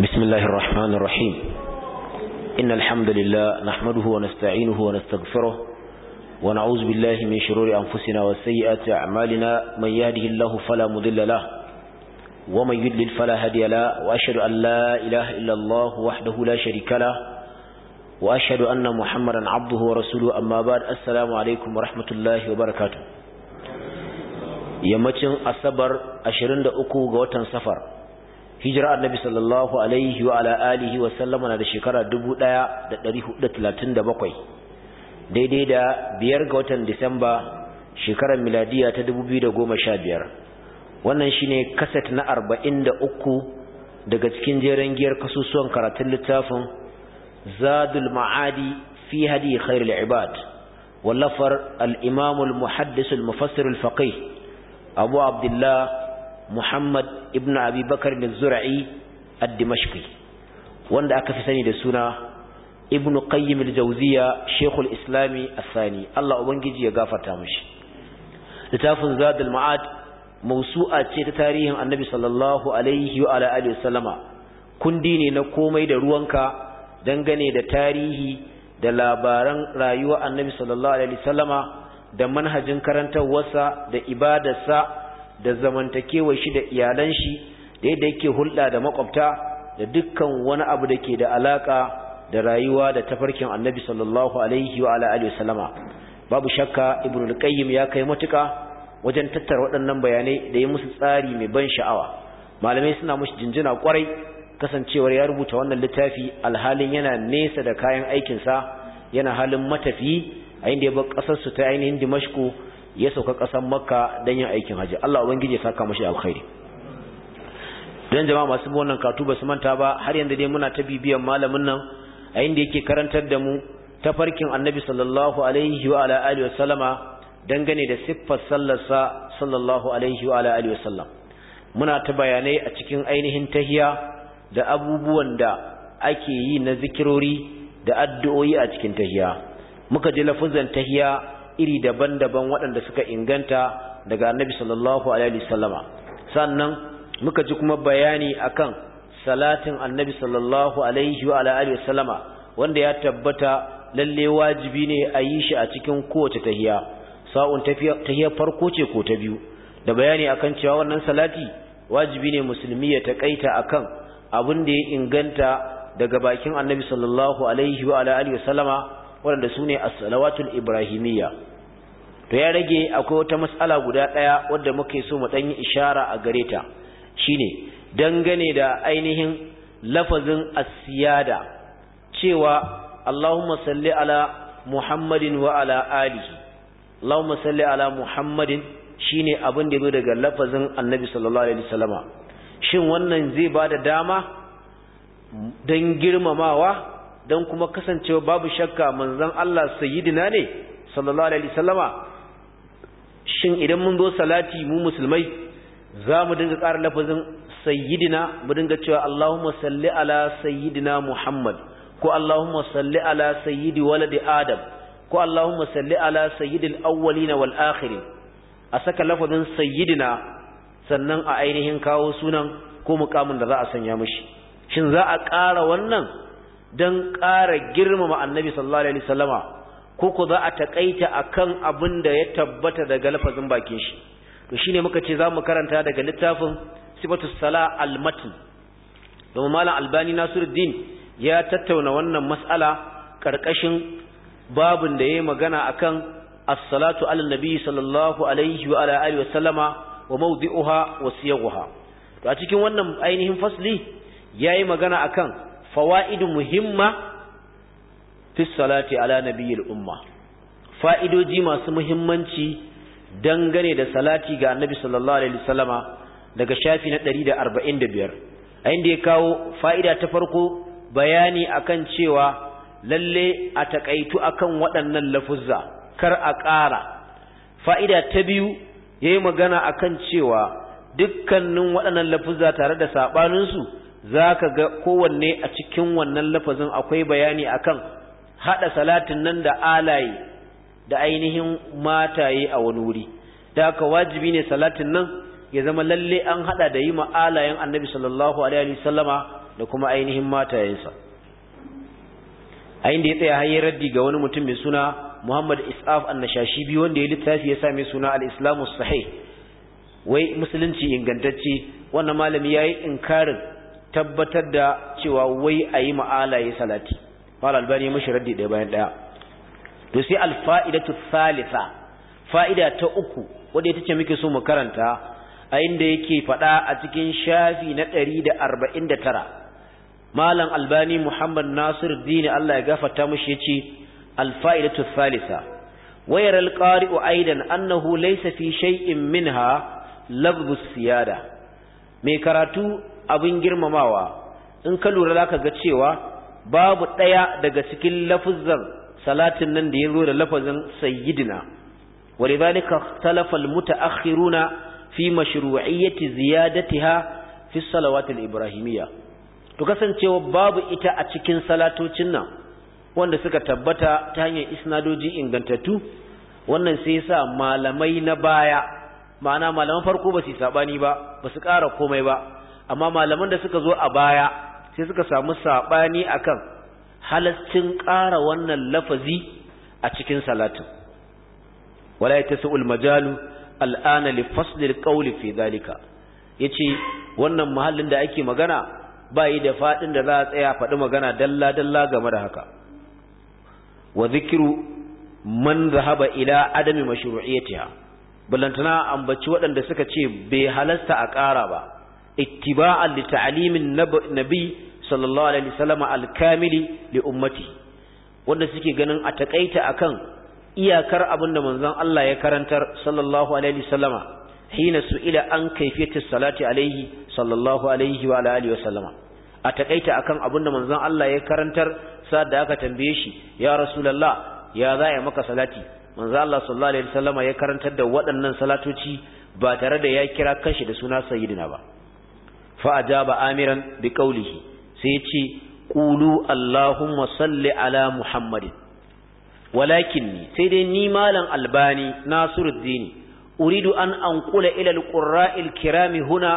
بسم الله الرحمن الرحيم إن الحمد لله نحمده ونستعينه ونستغفره ونعوذ بالله من شرور أنفسنا وسيئات أعمالنا من يهده الله فلا مضل له ومن يدلل فلا هدي له وأشهد أن لا إله إلا الله وحده لا شريك له وأشهد أن محمدا عبده ورسوله أما بعد السلام عليكم ورحمة الله وبركاته yammacin asabar 23 ga watan safar hijira annabi sallallahu alaihi wa ala alihi wa sallama na da shekara 1437 daidai da biyar ga watan disamba shekarar miladiya ta 2015 wannan shine kaset na 43 daga cikin jeren giyar kasusuwan karatun littafin zadul ma'adi fi hadi khairul ibad wallafar al-imam al-muhaddis al-mufassir al-faqih abu abdullah Muhammad ibn Abi Bakar al-Zura'i dimashqi wanda aka fi sani da suna Ibn Qayyim al-Jawziya Sheikhul Islami al-Thani Allah ubangiji ya gafarta mishi littafin zadul maad mawsu'a ce ta tarihin Annabi sallallahu alaihi wa alihi wasallama kundi ne na komai da ruwanka dangane da tarihi da labaran rayuwa Annabi sallallahu alaihi wasallama da manhajin Wasa da ibadarsa da zamantakewar shi da iyalan shi da yadda yake hulɗa da makwabta da dukkan wani abu da ke da alaƙa da rayuwa da tafarkin annabi sallallahu alaihi wa alihi babu shakka ibnu al ya kai matuka wajen tattara waɗannan bayanai da ya musu tsari mai ban sha'awa malamai suna mushi jinjina kwarai kasancewar ya rubuta wannan littafi alhalin yana nesa da kayan aikinsa yana halin matafi a inda ya bar ƙasarsu ta ainihin dimashku ya sauka kasan makka don yin aikin hajji Allah ubangiji ya saka mashi alkhairi don jama'a masu wannan katu ba su manta ba har yanzu dai muna ta bibiyan malamin nan a inda yake karantar da mu ta farkin annabi sallallahu alaihi wa ala alihi wa dangane da siffar sallarsa sallallahu alaihi wa sallam muna ta bayanai a cikin ainihin tahiya da abubuwan da ake yi na zikirori da addu'o'i a cikin tahiya muka ji lafuzan tahiya iri daban-daban waɗanda suka inganta daga annabi sallallahu alaihi wasallama sannan muka ji kuma bayani akan salatin annabi sallallahu alaihi wa alihi wasallama wanda ya tabbata lalle wajibi ne a yi shi a cikin kowace tahiya sa'un tahiyar farko ce ko ta biyu da bayani akan cewa wannan salati wajibi ne musulmi ya takaita akan abin da ya inganta daga bakin annabi sallallahu alaihi wa alihi wasallama waɗanda su ne a salawatul ibrahimiyya to ya rage akwai wata matsala guda ɗaya wadda muke so mu ɗan yi ishara a gare ta shine dangane da ainihin lafazin asiyada siyada cewa Allahumma salli ala Muhammadin wa ala alihi Allahumma salli ala Muhammadin shine abin da zo daga lafazin Annabi sallallahu alaihi wasallama shin wannan zai ba da dama don girmamawa don kuma kasancewa babu shakka manzon Allah sayyidina ne sallallahu alaihi wasallama shin idan mun zo salati mu musulmai za mu dinga ƙara lafazin sayyidina mu dinga cewa Allahumma salli ala sayyidina Muhammad ko Allahumma salli ala sayyidi waladi Adam ko Allahumma salli ala sayyidil awwalina wal akhirin a saka lafazin sayyidina sannan a ainihin kawo sunan ko muqamin da za a sanya mishi shin za a ƙara wannan don ƙara girmama annabi sallallahu alaihi wasallama ko za a takaita akan abin da ya tabbata daga lafazin bakin shi to shine muka ce zamu karanta daga littafin sifatus sala al-matn domin malam albani nasiruddin ya tattauna wannan mas'ala karkashin babin da yayi magana akan as-salatu ala nabi sallallahu alaihi wa ala alihi wasallama wa mawdi'uha wa siyaghuha to a cikin wannan ainihin fasli yayi magana akan فوائد muhimma, في ala على نبي umma, fa'idoji masu muhimmanci dangane da salati ga annabi sallallahu alaihi wasallama daga shafi na 145 a inda ya kawo fa'ida ta farko bayani akan cewa lalle a takaitu akan waɗannan lafuzza kar a ƙara fa'ida ta biyu ya yi magana akan cewa dukkanin waɗannan lafuzza tare da saɓaninsu za ka ga kowanne a cikin wannan lafazin akwai bayani akan haɗa salatin nan da alaye da ainihin mataye a wani wuri da haka wajibi ne salatin nan ya zama lalle an haɗa da yi ma'alayen annabi sallallahu alaihi wasallama da kuma ainihin matayensa a inda ya tsaya hanyar raddi ga wani mutum mai suna muhammad isaf annashashi biyu wanda ya littafi ya sa mai suna al-islamu sahih wai musulunci ingantacce wannan malami ya yi inkarin tabbatar da cewa wai a yi ma'alaye salati mara albani ya mashi raddi ɗaya bayan ɗaya to sai alfa'idatu salisa fa'ida ta uku wadda ita ce muke so mu karanta a inda yake faɗa a cikin shafi na ɗari da arba'in da tara malam albani muhammad nasir dini allah ya gafata mashi ya ce alfa'idatu salisa wayar alƙari'u aidan annahu laisafi fi shay'in minha labdus siyada mai karatu abin girmamawa in ka lura zaka ga cewa babu ɗaya daga cikin lafuzzan salatin nan da ya zo da lafazin sayyidina ولذلك اختلف المتأخرون fi mashru'iyyati ziyadatiha fi salawat ibrahimiyya to kasancewa babu ita a cikin salatocin nan wanda suka tabbata ta hanyar isnadoji ingantattu wannan sai yasa malamai na baya ma'ana malaman farko ba su sabani ba ba su ƙara komai ba amma malaman da suka zo a baya sai suka samu sabani akan halaccin ƙara wannan lafazi a cikin salatin wala yatasul majalu al'ana li faslil qawli fi dhalika yace wannan mahallin da ake magana ba yi da fadin da za a tsaya faɗi magana dalla dalla game da haka wa zikiru man zahaba ila adami mashru'iyatiha ballantana ambaci waɗanda suka ce bai halasta a ƙara ba ittiba'an li ta'limin nabi sallallahu alaihi wasallam al-kamili li ummati wanda suke ganin a taƙaita a kan iyakar abin da manzon Allah ya karantar sallallahu alaihi wasallam hina su'ila an kayfiyatis salati alaihi sallallahu alaihi wa alihi wasallam a takaita akan abin da manzon Allah ya karantar sa da aka tambaye shi ya rasulullah ya za ya maka salati manzon Allah sallallahu alaihi wasallam ya karantar da waɗannan salatoci ba tare da ya kira kanshi da suna sayyidina ba fa amiran bi sai ya ce qulu allahumma salli ala muhammadin walakinni sai dai ni malam albani nasiruddin uridu an anqula ilal alqurra'i alkirami huna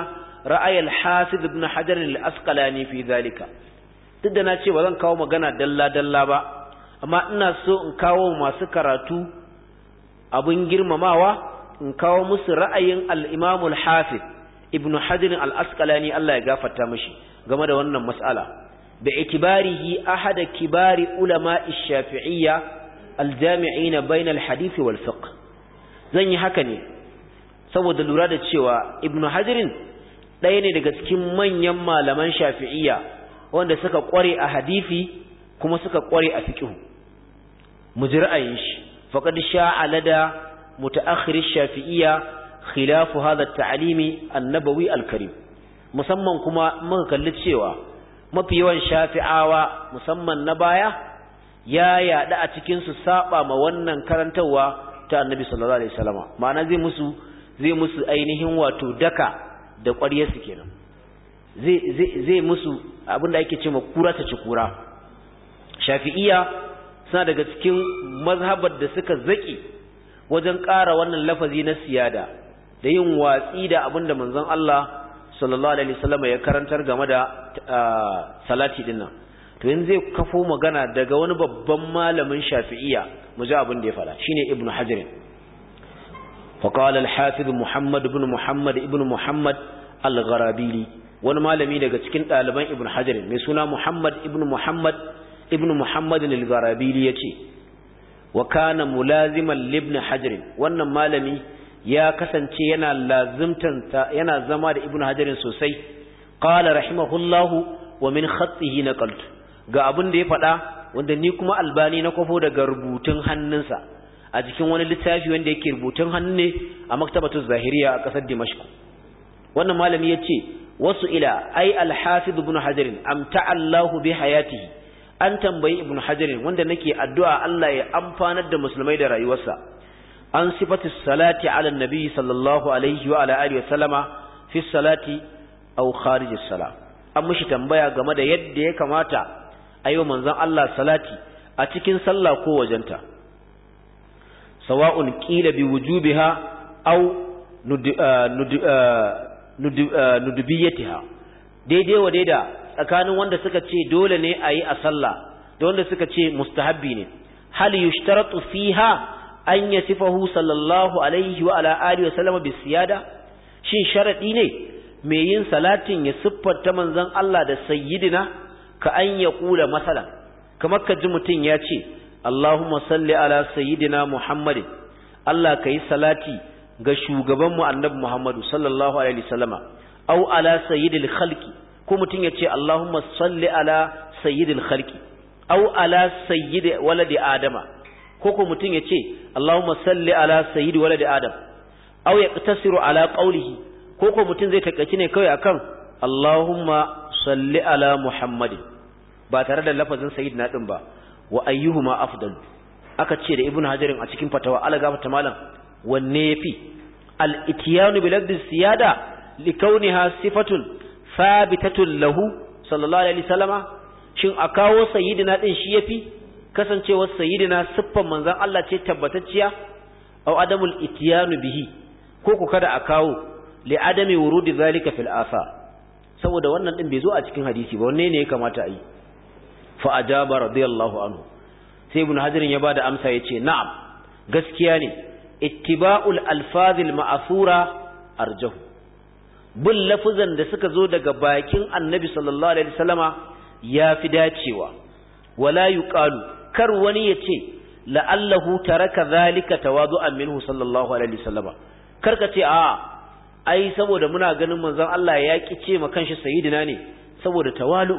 ra'ay alhafiz na hajar al-asqalani fi zalika duk da na ce ba zan kawo magana dalla dalla ba amma ina so in kawo masu karatu abin girmamawa in kawo musu ra'ayin al-imam hafiz ibnu hajar al Allah ya gafata mashi game da wannan mas'ala bi itibarihi ahada kibari ulama ash-shafi'iyya al bainal bain al wal fiqh zan yi haka ne saboda lura da cewa ibnu hajar ɗaya ne daga cikin manyan malaman shafi'iyya wanda suka kware a hadisi kuma suka kware a fiqhu mu ji ra'ayin shi faqad sha'alada mutaakhir ash-shafi'iyya khilafu hadha at-ta'limi an musamman kuma muka kalli cewa mafi yawan shafi'awa musamman na baya ya yaɗa a cikin su saba ma wannan karantarwa ta annabi sallallahu alaihi wasallama ma'ana zai musu zai musu ainihin wato daka da ƙwarya su kenan zai zai zai musu abinda ake cewa kura ta ci kura shafi'iyya suna daga cikin mazhabar da suka zaki wajen ƙara wannan lafazi na siyada da yin watsi da abin da manzon Allah sallallahu alaihi wasallam ya karantar game da salati dinnan to yanzu zai kafo magana daga wani babban malamin shafi'iyya mu ji abin da ya fara shine Ibn hajar فقال الحافظ محمد بن محمد ابن محمد الغرابيلي wani malami daga cikin ɗaliban ibn hajar mai suna muhammad ibn muhammad ibn muhammad al gharabili yace wa kana mulaziman ibn hajar wannan malami ya kasance yana lazimtan yana zama da ibnu hajarin sosai qala rahimahullahu wa min khatihi naqalt ga abin da ya faɗa wanda ni kuma albani na kwafo daga rubutun hannunsa a cikin wani littafi wanda yake rubutun hannu ne a maktabatu zahiriya a kasar dimashku wannan malami ya ce wasu ila ai alhafiz ibn hajarin amta allahu bi hayatihi an tambayi ibnu hajarin wanda nake addu'a Allah ya amfanar da musulmai da rayuwarsa an sifati salati ala nabi sallallahu alaihi wa ala alihi wa sallama fi salati aw kharij as-sala an mishi tambaya game da yadda ya kamata wa manzon Allah salati a cikin sallah ko wajenta sawa'un qila bi wujubiha aw uh, uh, uh, nudubiyatiha daidai wa daida tsakanin wanda suka ce dole ne a yi a sallah da wanda suka ce mustahabbi ne hal yushtaratu fiha an sifahu sallallahu alaihi wa ala alihi wasallama bi siyada shin sharadi ne me yin salatin ya siffarta manzon Allah da sayyidina ka an ya kula masalan kamar ka ji mutun ya ce Allahumma salli ala sayyidina Muhammadin Allah kai salati ga shugaban mu annabi Muhammadu sallallahu alaihi wasallama au ala sayyidil khalqi ko mutun ya ce Allahumma salli ala sayyidil khalqi au ala sayyidi waladi adama ko ko mutum ya ce Allahumma salli ala sayyid walad adam aw yaqtasiru ala qawlihi ko mutum zai takaici ne kawai akan Allahumma salli ala Muhammad ba tare da lafazin sayyid na din ba wa ayyuhuma afdal aka ce da ibnu hajarin a cikin fatawa ala gafata malam wanne yafi al-ityanu bi lafzi siyada likauniha sifatun thabitatun lahu sallallahu alaihi wasallama shin a kawo sayyidina din shi yafi kasancewar sayidina siffar manzon Allah ce tabbatacciya aw adamul itiyanu bihi ko ku kada a kawo li adami wurudi zalika fil afa saboda wannan din bai zo a cikin hadisi ba wanne ne ya kamata a yi fa ajaba radiyallahu anhu sai ibn hajar ya bada amsa yace na'am gaskiya ne ittiba'ul alfazil ma'thura arjahu bin lafuzan da suka zo daga bakin annabi sallallahu alaihi wasallama dacewa wala yuqalu kar wani ya ce la'allahu taraka zalika tawadu'an minhu sallallahu alaihi sallama. kar ka ce a ai saboda muna ganin manzon Allah ya ki ce ma kanshi sayyidina ne saboda tawalu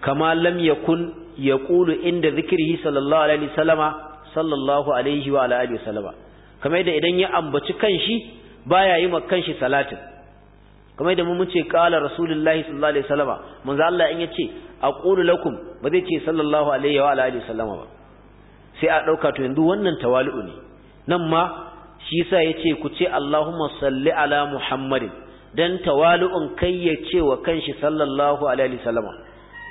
kama lam yakun yaqulu inda zikrihi sallallahu alaihi sallama, sallallahu alaihi wa alihi wasallama kamar idan ya ambaci kanshi baya yi ma kanshi salatin kamar da mu mun ce qala rasulullahi sallallahu alaihi wasallama manzo Allah in yace aqulu lakum ba zai ce sallallahu alaihi wa alihi wasallama ba sai a dauka to yanzu wannan tawali'u ne nan ma shi yasa yace ku ce Allahumma salli ala Muhammadin dan tawali'un kai ya ce wa kanshi sallallahu alaihi wasallama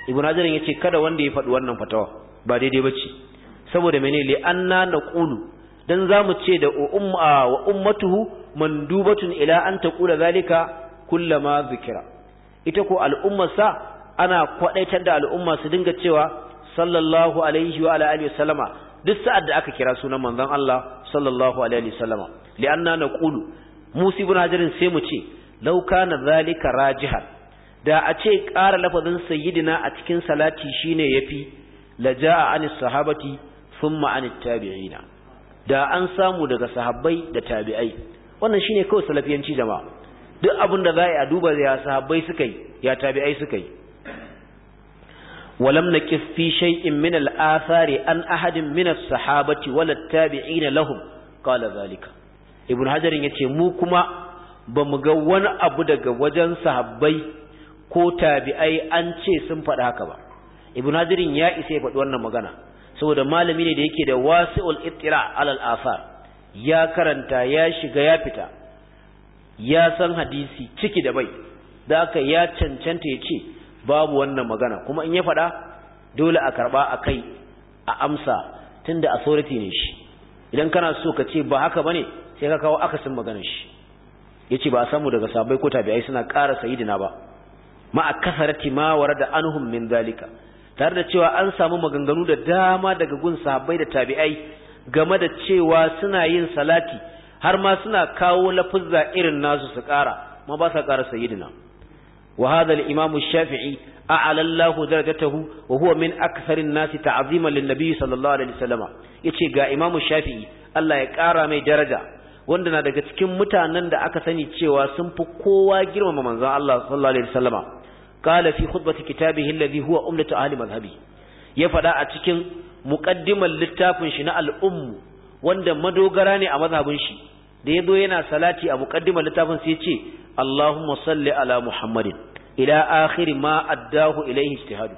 ibnu hajar yace kada wanda ya faɗi wannan fatawa ba daidai bace saboda mene li anna naqulu dan zamu ce da umma wa ummatuhu mandubatun ila an taqula zalika ma zikira ita ko al'ummarsa ana kwadaitar da al'umma su dinga cewa sallallahu alaihi wa alihi duk sa'ad da aka kira sunan manzon Allah sallallahu alaihi wasallama li'anna naqulu musi ibn hajarin sai mu ce law kana zalika rajihan da a ce ƙara lafazin sayyidina a cikin salati shine yafi laja'a anis sahabati thumma anit tabi'ina da an samu daga sahabbai da tabi'ai wannan shine kawai salafiyanci jama'a duk abin da za a yi a duba da yasa bai suka yi ya tabi'ai suka wa lam naqis fi shay'in min al-athari an ahadin min as-sahabati wala at-tabi'in lahum qala zalika ibnu hajar yace mu kuma bamu ga wani abu daga wajen sahabbai ko tabi'ai an ce sun fada haka ba ibnu hajar ya ise fadi wannan magana saboda malami ne da yake da wasi'ul ittira' ala al ya karanta ya shiga ya fita ya san hadisi ciki da bai da aka ya cancanta ya ce babu wannan magana kuma in ya faɗa dole a karɓa a kai a amsa tunda authority ne shi idan kana so ka ce ba haka bane sai ka kawo akasin maganar shi Ya ce ba a samu daga sabai ko tabi'ai suna ƙara sayidina ba ma a kasarati ma warada min zalika tare da cewa an samu maganganu da dama daga gun sahabbai da tabi'ai game da cewa suna yin salati har ma suna kawo lafuzza irin nasu su ƙara ma ba sa ƙara sayyidina wa hadha al-imam shafii a'ala Allahu darajatahu wa huwa min akthari an-nas ta'ziman lin-nabi sallallahu alaihi wasallam yace ga imam shafii Allah ya ƙara mai daraja wanda na daga cikin mutanen da aka sani cewa sun fi kowa girmama manzon Allah sallallahu alaihi wasallam qala fi khutbati kitabihi alladhi huwa umdatu ahli madhhabi ya faɗa a cikin muqaddimar littafin shi na al wanda madogara ne a mazhabin shi da yazo yana salati a muqaddimar littafin sai ce Allahumma salli ala Muhammadin ila akhir ma addahu ilayhi ijtihad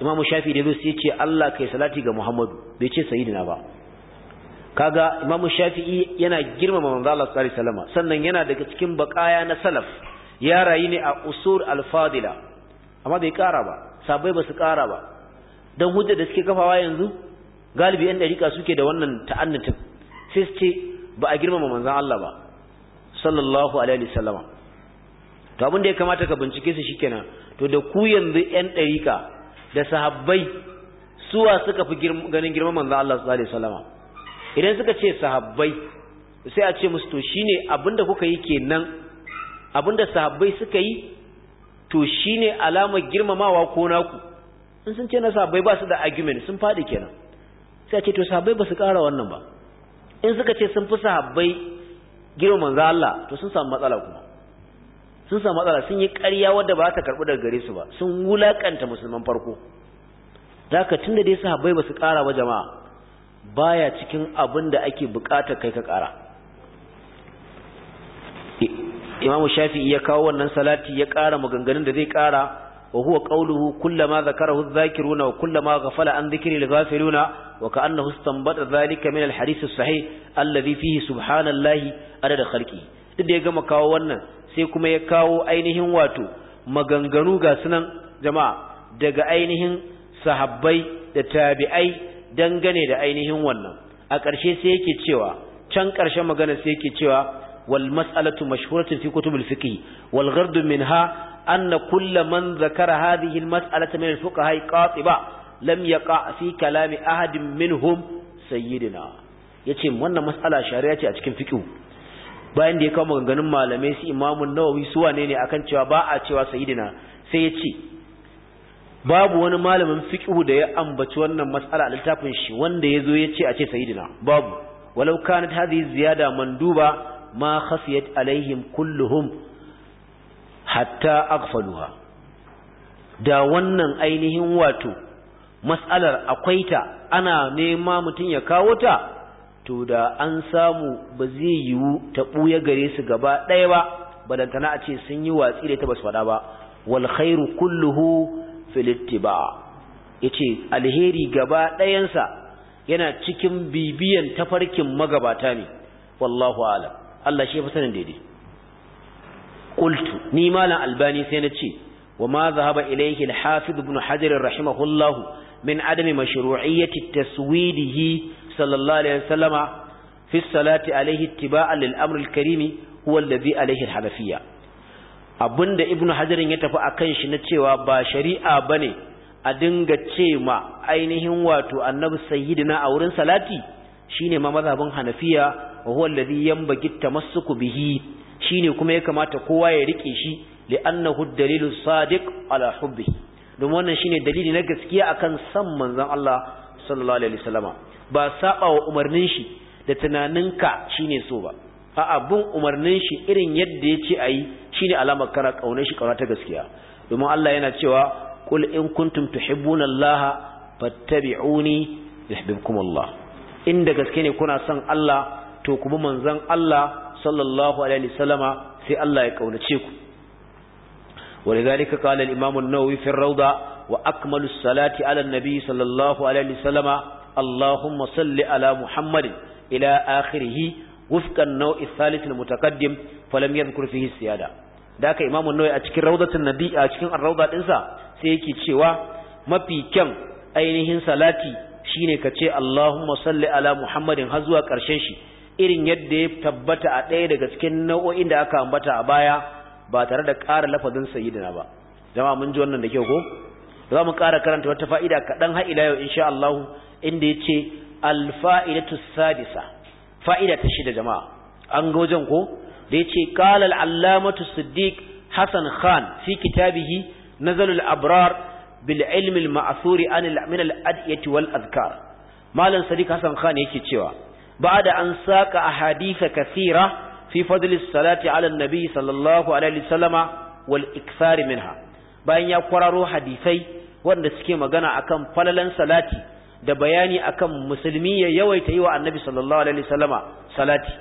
Imam Shafi da yazo sai ce Allah kai salati ga Muhammadu bai ce sayyidina ba kaga Imam Shafi'i yana girmama manzo Allah sallallahu alaihi wasallam sannan yana daga cikin bakaya na salaf ya rayu ne a usur al-fadila amma bai kara ba sabai ba su kara ba dan hujja da suke kafawa yanzu galibi yan dariƙa suke da wannan ta'annatin sai su ce ba a girmama manzon Allah ba sallallahu alaihi wasallama to abin da ya kamata ka bincike su shikenan to da ku yanzu yan dariƙa da sahabbai suwa suka fi ganin girman manzon Allah sallallahu alaihi wasallama idan suka ce sahabbai sai a ce musu to shine abinda kuka yi kenan abinda sahabbai suka yi to shine alamar girmamawa ko naku in sun ce na sahabbai ba su da argument sun faɗi kenan sai ce to sahabbai ba su ƙara wannan ba in suka ce sun fi sahabbai girma manzo Allah to sun samu matsala kuma sun samu matsala sun yi ƙarya wadda ba ta karɓi daga gare su ba sun wulaƙanta musulman farko zaka da dai sahabbai ba su ƙara ba jama'a baya cikin abin da ake buƙatar kai ka kara imamu shafi'i ya kawo wannan salati ya kara maganganun da zai ƙara وهو قوله كلما ذكره الذاكرون وكلما غفل عن ذكر الغافلون وكأنه استنبط ذلك من الحديث الصحيح الذي فيه سبحان الله عدد خلقه duk da ya gama kawo wannan sai kuma ya kawo ainihin wato maganganu ga sunan jama'a daga ainihin sahabbai da tabi'ai dangane da ainihin wannan a ƙarshe sai yake cewa can ƙarshen magana sai yake cewa wal mas'alatu mashhuratun fi kutubul fiqh wal ghardu minha أن كل من ذكر هذه المسألة من الفقهاء قاطبة لم يقع في كلام أحد منهم سيدنا yace wannan mas'ala shari'a ce a cikin fiqh bayan da ya kawo maganganun malamai su imamun Nawawi su wane ne akan cewa ba a cewa sayidina sai yace babu wani malamin fiqh da ya ambaci wannan mas'ala a littafin shi wanda ya ce a ce sayidina. babu walau kanat hadhihi ziyada manduba ma khasiyat alaihim kulluhum hatta aghfaluha da wannan ainihin wato mas'alar akwai ta ana nema mutum ya kawo ta to da an samu ba zai yiwu ta ɓuya gare su gaba ɗaya ba balantana a ce sun yi watsi da ta basu faɗa ba wal khairu kulluhu fil ittiba yace alheri gaba ɗayansa yana cikin bibiyan tafarkin magabata ne wallahu alam Allah shi ya fi sanin daidai qultu ni malam albani sai na ce wa ma zahaba ilayhi al-hafiz ibn hajar rahimahullah min adam mashru'iyyati taswidihi sallallahu alaihi wasallama fi salati alayhi ittiba'an lil amr al-karimi huwa alladhi alayhi al-hanafiyya abinda ibn hajar ya tafi a kan shi na cewa ba shari'a bane a dinga ce ma ainihin wato annabi sayyidina a wurin salati shine ma mazhabin hanafiya wa huwa alladhi yanbaghi tamassuku bihi shine kuma ya kamata kowa ya rike shi li'annahu dalilu sadiq ala hubbi domin wannan shine dalili na gaskiya akan san manzon Allah sallallahu alaihi wasallama ba saba wa umarnin shi da tunaninka shine so ba a'a bin umarnin shi irin yadda ya ce ayi shine alamar kara kaunar shi kauna ta gaskiya domin Allah yana cewa qul in kuntum tuhibbuna Allah fattabi'uni yuhibbukum Allah inda gaske ne kuna son Allah to kuma manzon Allah sallallahu alaihi wasallama sai Allah ya kaunace ku ولذلك قال الإمام النووي في الروضة وأكمل الصلاة على النبي صلى الله عليه وسلم اللهم صل على محمد إلى آخره وفق النوع الثالث المتقدم فلم يذكر فيه السيادة ذاك إمام النووي أتكر روضة النبي أتكر الروضة الإنسى سيكي تشيوا ما في كم أينهن صلاتي shine kace Allahumma salli ala Muhammadin har zuwa ƙarshen shi irin yadda ya tabbata a ɗaya daga cikin nau'o'in da aka ambata a baya ba tare da ƙara lafazin sayyidina ba jama'a mun ji wannan da kyau ko za mu ƙara karanta wata fa'ida kaɗan har ila yau insha Allah inda ya ce alfa'idatu sadisa fa'ida ta shida jama'a an ga wajen ko da ya ce qala al-allamatu siddiq hasan khan fi kitabihi nazalul abrar bil ilmi al-ma'thuri an min al-adiyati wal azkar malam sadiq hasan khan yake cewa بعد أن ساق أحاديث كثيرة في فضل الصلاة على النبي صلى الله عليه وسلم والإكثار منها بأن يقرروا حديثي وأن سكي مغانا أكم فللا صلاتي da bayani akan musulmi ya yawaita yi wa annabi sallallahu alaihi wasallama salati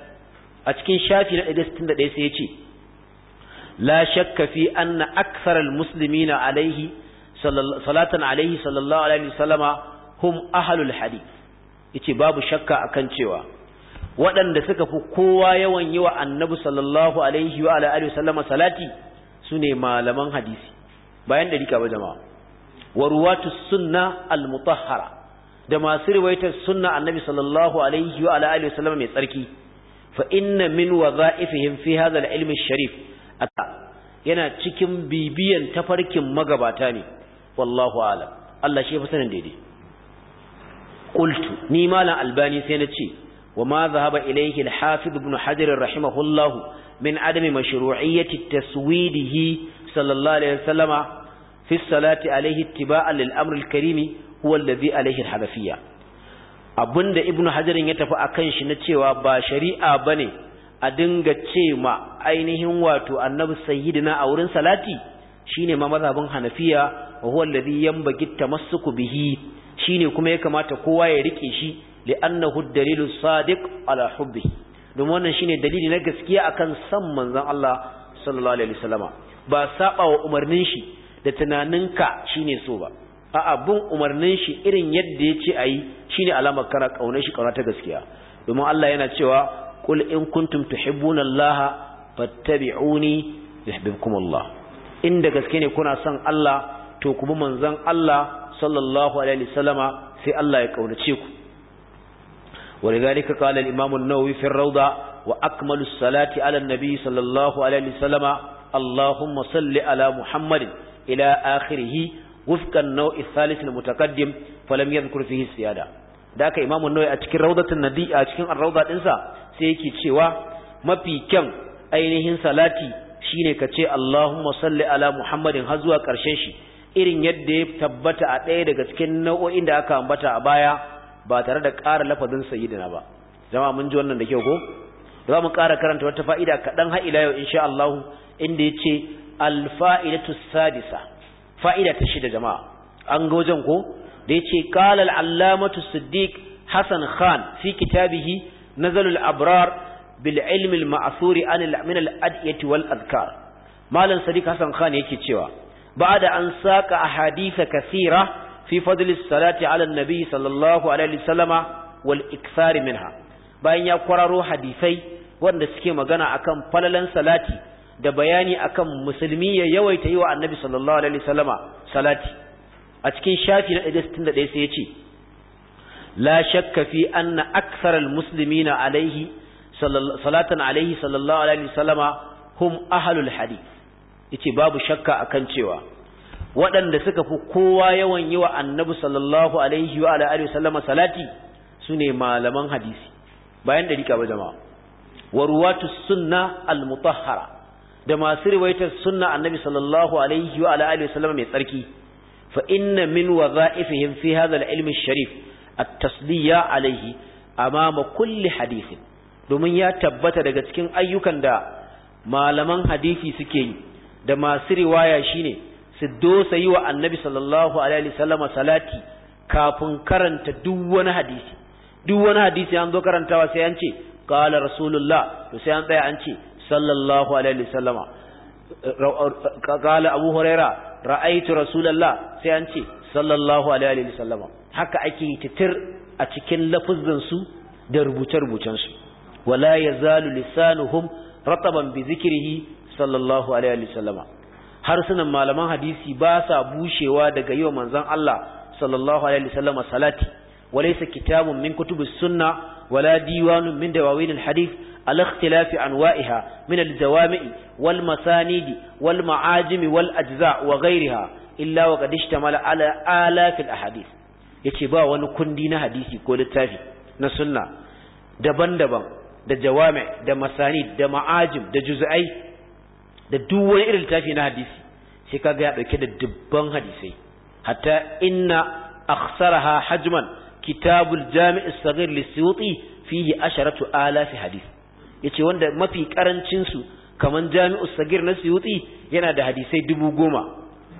a cikin shafi na 161 sai ya ce la shakka fi anna aktharal muslimina alaihi salatan alaihi sallallahu alaihi wasallama hum ahlul hadith yace babu shakka akan cewa waɗanda suka fi kowa yawan yi wa annabi sallallahu alaihi wa alihi sallama salati su ne malaman hadisi bayan dariƙa ba jama'a wa ruwatu sunna al-mutahhara da masu riwaitar sunna annabi sallallahu alaihi wa alihi sallama mai tsarki fa inna min wadha'ifihim fi hadha al-ilm sharif yana cikin bibiyan tafarkin magabata ne wallahu a'lam Allah shi ya fi sanin daidai Ƙultu ni malam albani sai na ce wa ma zahaba ilayhi hafiz ibn hajar rahimahullah min adam mashru'iyyati taswidihi sallallahu alaihi wasallama fi salati alaihi ittiba'an lil amr al-karim huwa alladhi alaihi abinda ibn hajar ya tafi a kan shi na cewa ba shari'a bane a dinga ce ma ainihin wato annabi sayyidina a wurin salati shine ma mazhabin hanafiya wa huwa alladhi yanbaghi tamassuku bihi Shi ne kuma ya kamata kowa ya rike shi li'annahu ad-dalilu sadiq ala hubbi domin wannan shine dalili na gaskiya akan san manzon Allah sallallahu alaihi wasallama ba saba wa umarnin shi da tunaninka shine so ba a'a bin umarnin shi irin yadda ya ce ayi shine alamar kana kaunar shi kauna ta gaskiya domin Allah yana cewa qul in kuntum tuhibbuna Allah fattabi'uni yuhibbukum Allah inda gaske ne kuna son Allah to kuma manzon Allah sallallahu alaihi wasallama sai Allah ya kaunace ku ولذلك قال الإمام النووي في الروضة وأكمل الصلاة على النبي صلى الله عليه وسلم اللهم صل على محمد إلى آخره وفق النوع الثالث المتقدم فلم يذكر فيه السيادة ذاك إمام النووي أتكر روضة النبي أتكر الروضة الإنسى سيكي تشوى ما في كم أينهن صلاتي shine kace Allahumma salli ala Muhammadin har zuwa ƙarshen shi irin yadda ya tabbata a ɗaya daga cikin nau'o'in da aka ambata a baya ba tare da ƙara lafazin sayyidina ba jama'a mun ji wannan da kyau ko za mu ƙara karanta wata fa'ida kaɗan har ila yau insha Allah inda ya ce alfa'idatu sadisa fa'ida ta shida jama'a an ga wajen ko da ya ce qala al-allamatu siddiq hasan khan fi kitabihi nazalul abrar bil ilmi al-ma'thuri an al-min al-adiyati wal azkar malam sadiq hasan khan yake cewa بعد أن ساق أحاديث كثيرة في فضل الصلاة على النبي صلى الله عليه وسلم والإكثار منها بأن يقرروا حديثي وأن مغانا أكم فللا صلاتي da bayani akan musulmi ya yawaita yi wa annabi sallallahu alaihi wasallama salati a cikin shafi na 161 sai ya ce la shakka fi anna aktharal muslimina alaihi salatan alaihi sallallahu alaihi hum ahlul yace babu shakka akan cewa waɗanda suka fi kowa yawan yi wa annabi sallallahu alaihi wa alihi wasallama salati sune malaman hadisi bayan dariƙa ba jama'a wa ruwatu sunna al-mutahhara da masu riwayar sunna annabi sallallahu alaihi wa alihi mai tsarki fa inna min wadha'ifihim fi hadha al-ilm sharif at-tasliya alaihi amama kulli hadithin domin ya tabbata daga cikin ayyukan da malaman hadisi suke yi da masu riwaya shine su dosa yi wa annabi sallallahu alaihi wasallama salati kafin karanta duk wani hadisi duk wani hadisi an zo karantawa sai an ce qala rasulullah to sai an tsaya an ce sallallahu alaihi wasallama qala abu huraira ra'aitu rasulullah sai an ce sallallahu alaihi wasallama haka ake titir a cikin lafuzzan su da rubuce-rubucen su wala yazalu lisanuhum rataban bi zikrihi sallallahu alaihi wasallama harsunan malaman hadisi ba sa bushewa daga yiwa manzon Allah sallallahu alaihi sallama salati walaysa kitabun min kutubis sunna wala diwanun min dawawin alhadith ala ikhtilafi anwa'iha min aljawami' wal masanid wal ma'ajim wal ajza wa ghayriha illa wa qad ishtamala ala alaf alahadith yace ba wani kundi na hadisi ko littafi na sunna daban-daban da jawami' da masanid da ma'ajim da juz'ai da duk wani irin littafi na hadisi sai kaga ya dauke da dubban hadisai hatta inna akhsaraha hajman kitabul jami' as-saghir li-suyuti fihi asharatu alaf hadis yace wanda mafi karancin su kaman jami'u as-saghir na suyuti yana da hadisai dubu goma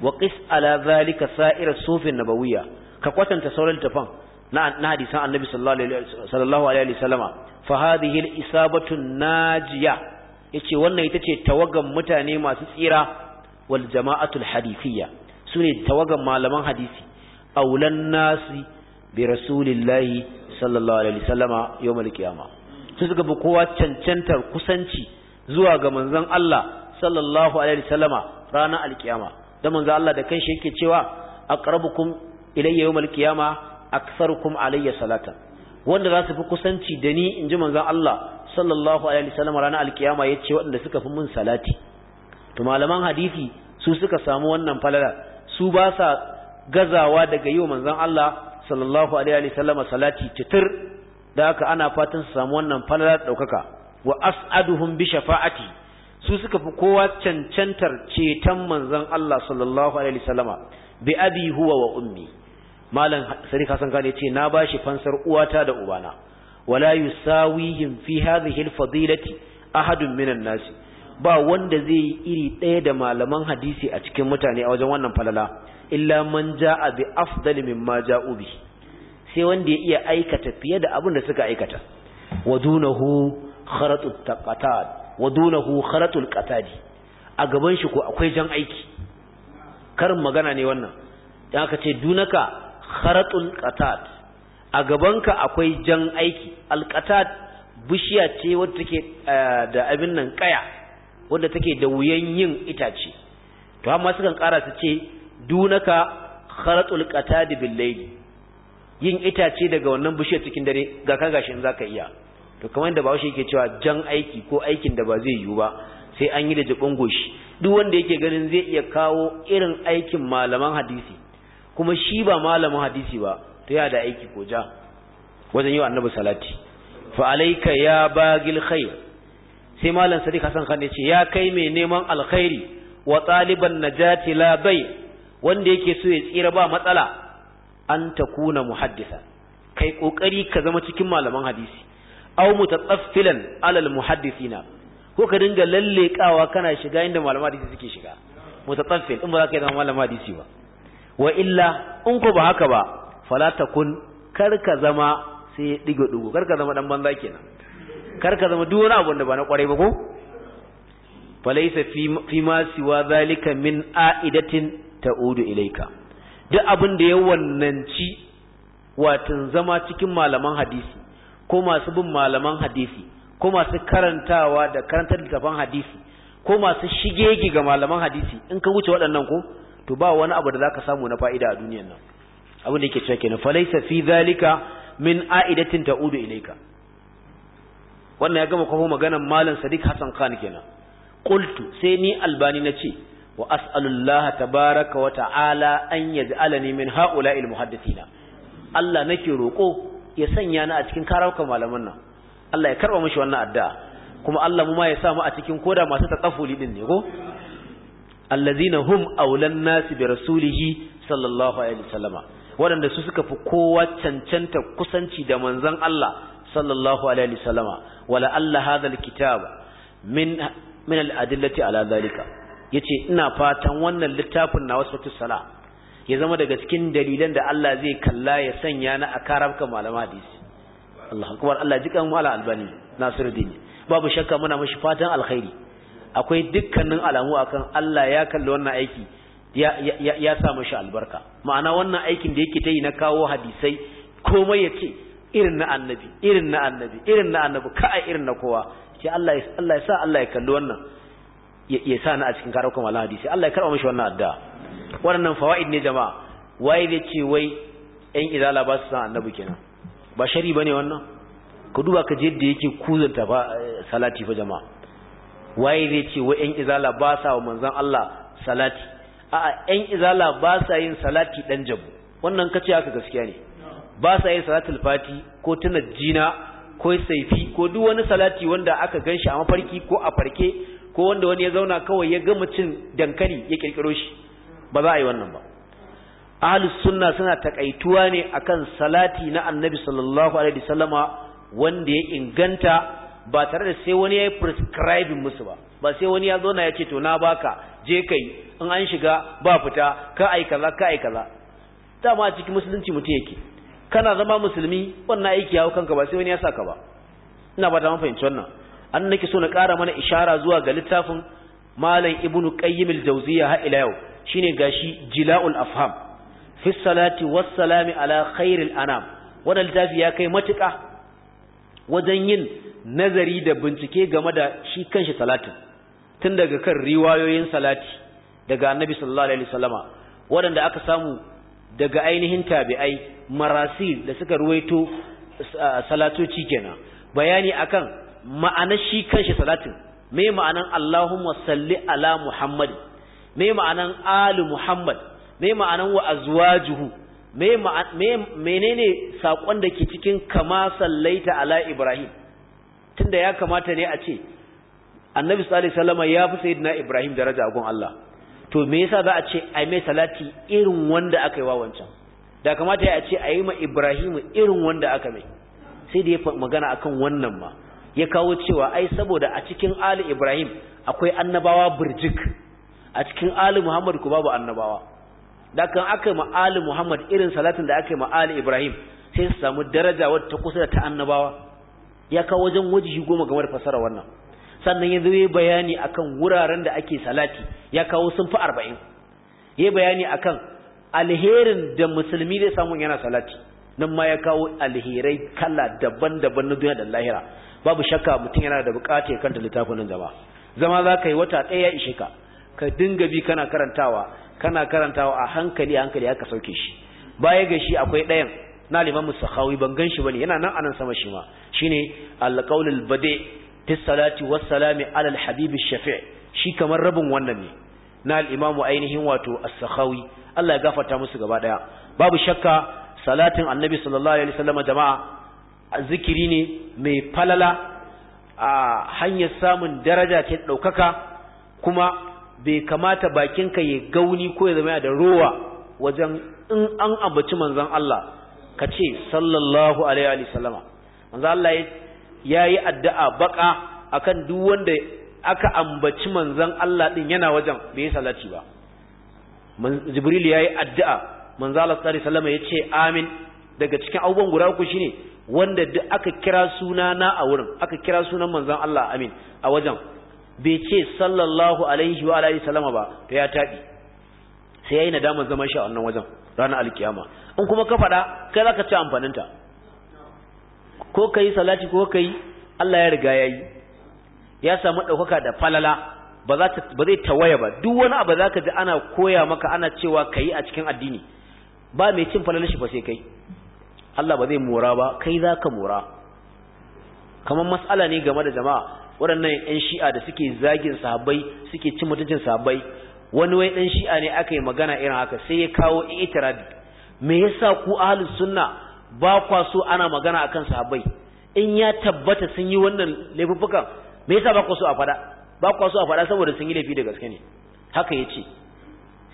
wa qis ala zalika sa'ira sufin nabawiyya ka kwatanta sauran tafan na hadisan annabi sallallahu alaihi wasallama fa hadhihi al-isabatu najiya yace wannan ita ce tawagan mutane masu tsira wal jama'atul su sune tawagan malaman hadisi aulan nasi bi rasulillahi sallallahu alaihi wasallama yawmal qiyama su suka bi kowa cancantar kusanci zuwa ga manzon Allah sallallahu alaihi wasallama ranar alkiyama da manzon Allah da kanshi yake cewa aqrabukum ilayya yawmal qiyama aktharukum alayya salatan wanda za su fi kusanci da ni inji manzon Allah sallallahu alaihi wasallam ranar alkiyama yace waɗanda suka fi mun salati to malaman hadisi su suka samu wannan falala su ba sa gazawa daga yau manzon Allah sallallahu alaihi wasallam salati citir da haka ana fatan su samu wannan falala daukaka wa as'aduhum bi shafa'ati su suka fi kowa cancantar ceton manzon Allah sallallahu alaihi wasallama bi abi huwa wa ummi malam sarika san gane ce na bashi fansar uwata da ubana wala yusawihim fi hadhihi al-fadilati ahadun minan nas ba wanda zai yi iri ɗaya da malaman hadisi a cikin mutane a wajen wannan falala illa man ja'a bi afdali mimma ja'u bi sai wanda ya iya aikata fiye da abin da suka aikata wa dunahu kharatul taqatad wa dunahu kharatul qatadi a gaban shi ko akwai jan aiki karin magana ne wannan dan aka ce dunaka kharatul qatad a gabanka akwai jan aiki alqatat bishiya ce wadda take eh, da abin nan kaya wadda take da wuyan yin itace to amma sukan ƙara su ce dunaka kharatul qatad bil layl yin itace daga wannan bishiyar cikin dare ga ka gashi in zaka iya to kamar yadda bawo yake cewa jan aiki ko aikin da ba zai yiwu ba sai an yi da jibin goshi duk wanda yake ganin zai iya kawo irin aikin malaman hadisi kuma shi ba malamin hadisi ba to ya da aiki ko ja wajen yi wa annabi salati fa alayka ya bagil khair sai malam sadiq hasan khan ce ya kai mai neman alkhairi wa taliban najati la bay wanda yake so ya tsira ba matsala an takuna muhaddisa kai kokari ka zama cikin malaman hadisi aw mutatsaffilan alal muhaddisina ko ka dinga lallekawa kana shiga inda malaman hadisi suke shiga mutatsaffil in ba za ka yi zama malaman hadisi ba wa illa in ko ba haka ba fala takun kar zama sai ya ɗigo kar ka zama dan banza kenan kar zama duk wani abu da ba na kwarai ba ko falaisa fi ma siwa zalika min a'idatin ta'udu ilaika duk abin da ya wannanci wato zama cikin malaman hadisi ko masu bin malaman hadisi ko masu karantawa da karantar littafan hadisi ko masu shigegi ga malaman hadisi in ka wuce waɗannan ko to ba wani abu da zaka samu na fa'ida a duniyar nan abin da yake cewa kenan falaysa fi zalika min a'idatin ta'udu ilayka wannan ya gama kwafo maganar malam sadiq hasan khan kenan qultu sai ni albani na ce wa as'alullah tabaraka wa ta'ala an yaj'alani min ha'ula'il muhaddithina Allah nake roko ya sanya ni a cikin karaukan malaman nan Allah ya karba mishi wannan addu'a kuma Allah mu ma ya sa mu a cikin koda masu taqafuli din ne ko allazina hum aulan nasi bi rasulihi sallallahu alaihi wasallama waɗanda su suka fi kowa cancanta kusanci da manzon Allah sallallahu alaihi wasallama wala Allah hadal kitab min min al-adillati ala zalika yace ina fatan wannan littafin na wasfatu sala ya zama daga cikin dalilan da Allah zai kalla ya sanya na akarabka malama hadisi Allah akbar Allah jikan mala albani nasiruddin babu shakka muna mishi fatan alkhairi akwai dukkanin alamu akan Allah ya kalli wannan aiki ya sa mashi albarka ma'ana wannan aikin da yake ta yi na kawo hadisai komai ya ce irin na annabi irin na annabi irin na annabi ka a irin na kowa ce Allah ya sa Allah ya kalli wannan ya sa na a cikin karakon wala hadisi Allah ya karɓa mashi wannan addu'a waɗannan fawaid ne jama'a waye zai ce wai ƴan izala ba su san annabi kenan ba shari bane wannan ka duba ka je da yake kuzanta ba eh, salati fa jama'a waye zai ce wai ƴan izala ba sa wa manzon Allah salati a'a ƴan izala ba sa yin salati ɗan jabu wannan ka ce haka gaskiya ne ba sa yin salatul fati ko jina ko saifi ko duk wani salati wanda aka gan shi a mafarki ko a farke ko wanda wani ya zauna kawai ya gama cin dankali ya kirkiro shi ba za a yi wannan ba ahlus sunna suna takaituwa ne akan salati na annabi sallallahu alaihi wasallama wanda ya inganta ba tare da sai wani ya yi prescribing musu ba ba sai wani ya zo ya ce to na baka je kai in an shiga ba fita ka ai ka ai dama a cikin musulunci mutum yake kana zama musulmi wannan aiki ya kanka ba sai wani ya saka ba ina ba ta mun fahimci wannan an nake so na ƙara mana ishara zuwa ga littafin malam ibnu qayyim al jawziya ha ila yau shine gashi jila'ul afham fi salati was salami ala khairil anam wannan littafi ya kai matuƙa wajen yin nazari da bincike game da shi kanshi salatin tun daga kan riwayoyin salati daga annabi sallallahu alaihi wasallama waɗanda aka samu daga ainihin tabi'ai marasil da suka ruwaito salatoci kenan bayani akan ma'anar shi kanshi salatin me ma'anan Allahumma salli ala Muhammad me ma'anan ali Muhammad me ma'anan wa azwajuhu me menene sakon da ke cikin kama sallaita ala Ibrahim tunda ya kamata ne a ce Annabi sallallahu alaihi wasallam ya fi sayyidina Ibrahim daraja a gun Allah to me yasa za a ce a mai salati irin wanda aka yi wa wancan da kamata ya ce a ma Ibrahim irin wanda aka mai sai da ya magana akan wannan ma ya kawo cewa ai saboda a cikin ali ibrahim akwai annabawa birjik a cikin ali muhammad ku babu annabawa da kan aka ma ali muhammad irin salatin da aka yi ma ali ibrahim sai su samu daraja wadda ta kusa da ta annabawa ya kawo wajen wajihi goma game da fasara wannan sannan ya zo ya bayani akan wuraren da ake salati ya kawo sun fi arba'in ya bayani akan alherin da musulmi zai samu yana salati nan ma ya kawo alherai kala daban-daban na duniya da lahira babu shakka mutum yana da bukata ya kanta littafin nan zama zama za ka yi wata ɗaya ya ishe ka ka dinga bi kana karantawa kana karantawa a hankali a hankali haka sauke shi baya ga shi akwai ɗayan na limamu sahawi ban gan shi bane yana nan anan sama shi ma shine alqaulul bade fi salati wassalami alal habibi shafi' shi kamar rabin wannan ne na al-imamu ainihin wato as-sakhawi Allah ya gafarta musu gaba daya babu shakka salatin annabi sallallahu alaihi wasallam jama'a zikiri ne mai falala a hanyar samun daraja ta daukaka kuma bai kamata bakinka ya gauni ko ya zama da rowa wajen in an ambaci manzon Allah ka ce sallallahu alaihi manzon Allah ya yayi addu'a baka akan duk wanda aka ambaci manzon Allah ɗin yana wajen bai yi salati ba jibril yi addu'a manzon Allah sallallahu alaihi wasallam ce amin daga cikin abubuwan guda uku shine wanda duk aka kira suna na a wurin aka kira sunan manzon Allah amin a wajen bai ce sallallahu alaihi wa alihi salama ba to ya tabi sai yi nadamar zama shi a wannan wajen ranar alkiyama in kuma ka faɗa kai zaka ci amfanin ta ko ka yi salati ko ka yi. Allah ya riga ya yi. ya samu ɗaukaka da falala ba zai tawaya ba duk wani abu za ka ji ana koya maka ana cewa ka yi a cikin addini ba mai cin falala shi ba sai kai Allah ba zai mora ba kai za ka mora kamar matsala ne game da jama'a waɗannan 'yan shi'a da suke zagin sahabbai suke cin mutuncin sahabbai wani wai ɗan shi'a ne aka yi magana irin haka sai ya kawo itirabi me yasa ku ahlus sunna ba kwa so ana magana akan sahabbai in ya tabbata sun yi wannan laifuffukan me yasa ba kwa so a faɗa ba kwa so a faɗa saboda sun yi laifi da gaske ne haka ya ce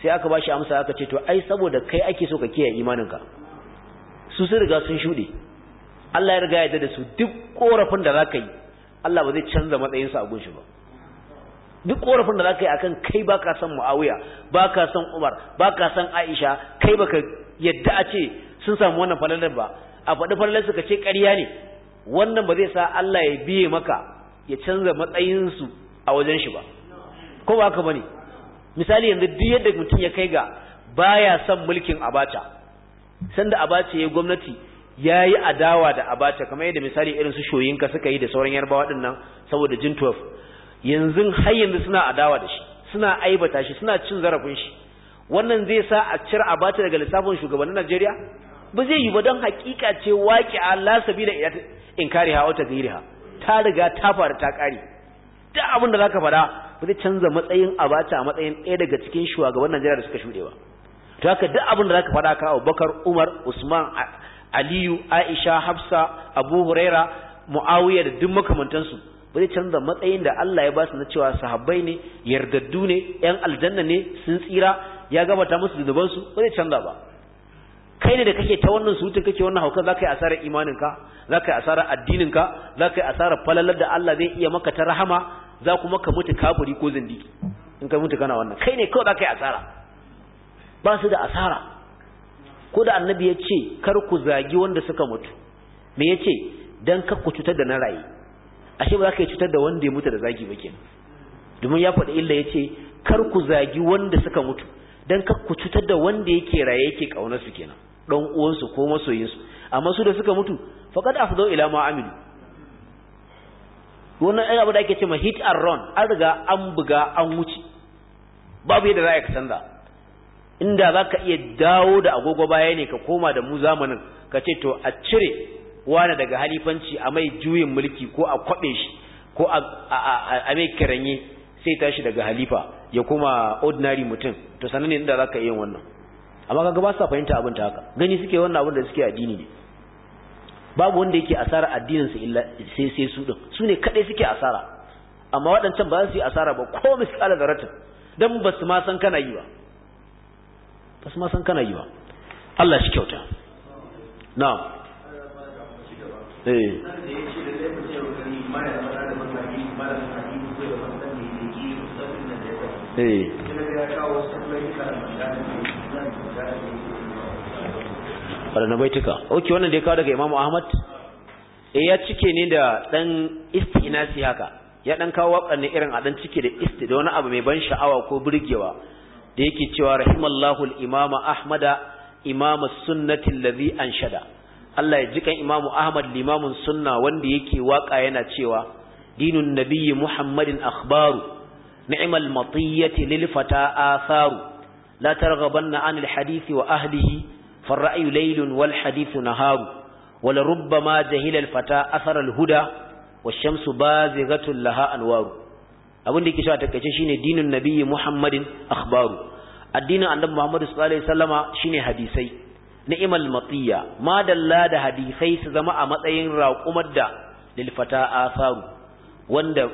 sai aka ba shi amsa aka ce to ai saboda kai ake so ka kiyaye imaninka su sun riga sun shuɗe Allah ya riga ya da su duk korafin da zaka yi Allah ba zai canza matsayinsu a gunshi ba duk korafin da ka yi akan kai ba baka san Muawiya ka san Umar ba ka san Aisha kai baka yadda a ce sun samu wannan falalar ba a faɗi falalar su ka ce ƙarya ne wannan ba zai sa Allah ya biye maka ya canza matsayinsu a wajen shi ba ko ba haka bane misali yanzu duk yadda mutum ya kai ga baya son mulkin abacha sanda abaca ya gwamnati ya yi adawa da abacha kamar yadda misali irin su shoyinka suka yi da sauran yarbawa din nan saboda jin 12 yanzu har yanzu suna adawa da shi suna aibata shi suna cin zarafin shi wannan zai sa a cire abaca daga lissafin shugabannin Najeriya ba zai yi ba don hakika ce waƙi Allah sabila in kare hawa ta gairi ha ta riga ta fara ta kare da abin da zaka faɗa ba zai canza matsayin abacha matsayin ɗaya daga cikin shugaban Najeriya da suka shuɗe ba to haka duk abin da zaka faɗa ka bakar Umar Usman Aliyu Aisha Hafsa Abu Huraira Muawiya da duk makamantansu ba zai canza matsayin da Allah ya ba su na cewa sahabbai ne yardaddu ne yan aljanna ne sun tsira ya gabata musu zunubansu ba zai canza ba kai ne da kake ta wannan sutun kake wannan haukan za ka yi asarar imaninka za ka yi asarar addininka za ka yi asarar falalar da Allah zai iya maka ta rahama za kuma ka mutu kafuri ko zindiki in ka mutu kana wannan kai ne kawai za ka yi asara ba su da asara ko da annabi ya ce kar ku zagi wanda suka mutu me ya ce don kar ku cutar da na raye ashe ba za ka yi cutar da wanda ya mutu da zagi ba kenan domin ya faɗi illa ya ce kar ku zagi wanda suka mutu dan ka ku cutar da wanda yake raye yake kauna su kenan dan uwansu ko masoyin su amma su da suka mutu faqad afdo ila ma amilu wannan ai abu da ake cewa hit and run an riga an buga an wuce babu yadda za ka canza inda za ka iya dawo da agogo baya ne ka koma da mu zamanin ka ce to a cire wani daga halifanci a mai juyin mulki ko a kwaɓe shi ko a mai kiranye sai tashi daga halifa ya kuma ordinary mutum to sanin ne inda ka yin wannan amma kaga ba sa fahimta abin ta haka gani suke wannan abin da suke addini ne babu wanda yake asara addinin illa sai sai su din su ne kadai suke asara amma waɗancan ba za su yi asara ba ko miskala zaratin dan ba su ma san kana yi ba ba su ma san kana yi ba Allah shi kyauta na'am eh eh waɗanda baituka ok wannan da ya kawo daga imamu ahmad eh, ya cike ne da ɗan istinasi haka ya ɗan kawo waɗannan irin a ɗan cike da isti da wani abu mai ban sha'awa ko birgewa da yake cewa rahimallahul imama ahmada imama sunnatin sunnati an shada. Allah ya jikan imamu ahmad limamin sunna wanda yake waƙa yana cewa dinun nabiyyi muhammadin akhbaru ni'mal matiyyati lil fata atharu la targhabanna anil hadisi wa ahlihi farra'yu laylun wal hadithu naharu wala rubbama jahila huda shamsu abin da yake so a takaice shine dinin nabiyyi muhammadin akhbaru addinin annabi muhammadu sallallahu alaihi wasallama shine hadisai ni'mal matiyya ma dalla da hadisai su zama a matsayin raqumar da lil asaru wanda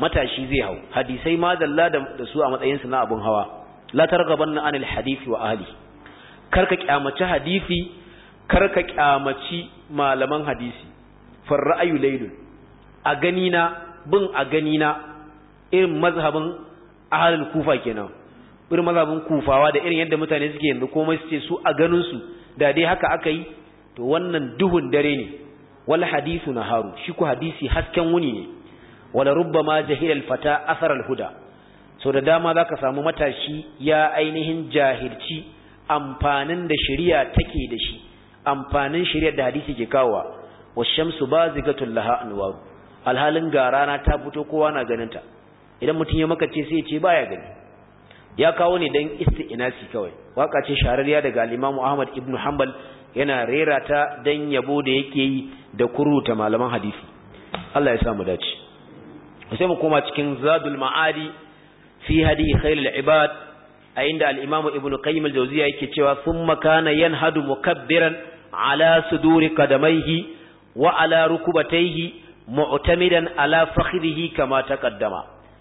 matashi zai hau hadisai ma zalla da su a matsayin su na abun hawa la targhabanna anil hadisi wa ahli karka kyamaci hadisi karka kyamaci malaman hadisi far ra'ayu laylun a gani na bin a gani na irin mazhabin ahlul kufa kenan irin mazhabin kufawa da irin yadda mutane suke yanzu komai su ce su a ganin su da dai haka aka yi to wannan duhun dare ne wal hadisu naharu shi ku hadisi hasken wuni ne wala ma jahilal fata asarar huda so da dama zaka samu matashi ya ainihin jahilci amfanin da shari'a take da shi amfanin shari'ar da hadisi ke wa shamsu bazigatul laha anwaru alhalin ga rana ta fito kowa na ganin ta idan mutum ya makace sai ya ce baya gani ya kawo ne dan isti'nasi kawai waka ce shararriya daga al imamu Ahmad ibn Hanbal yana rera ta dan yabo da yake yi da kuruta malaman hadisi Allah ya sa mu dace sai mu koma cikin zadul ma'adi fi hadi khairul ibad a inda al-imamu ibnu qayyim al-jawziya yake cewa thumma kana yanhadu mukabbiran ala suduri qadamaihi wa ala rukubataihi mu'tamidan ala fakhrihi kama taqaddama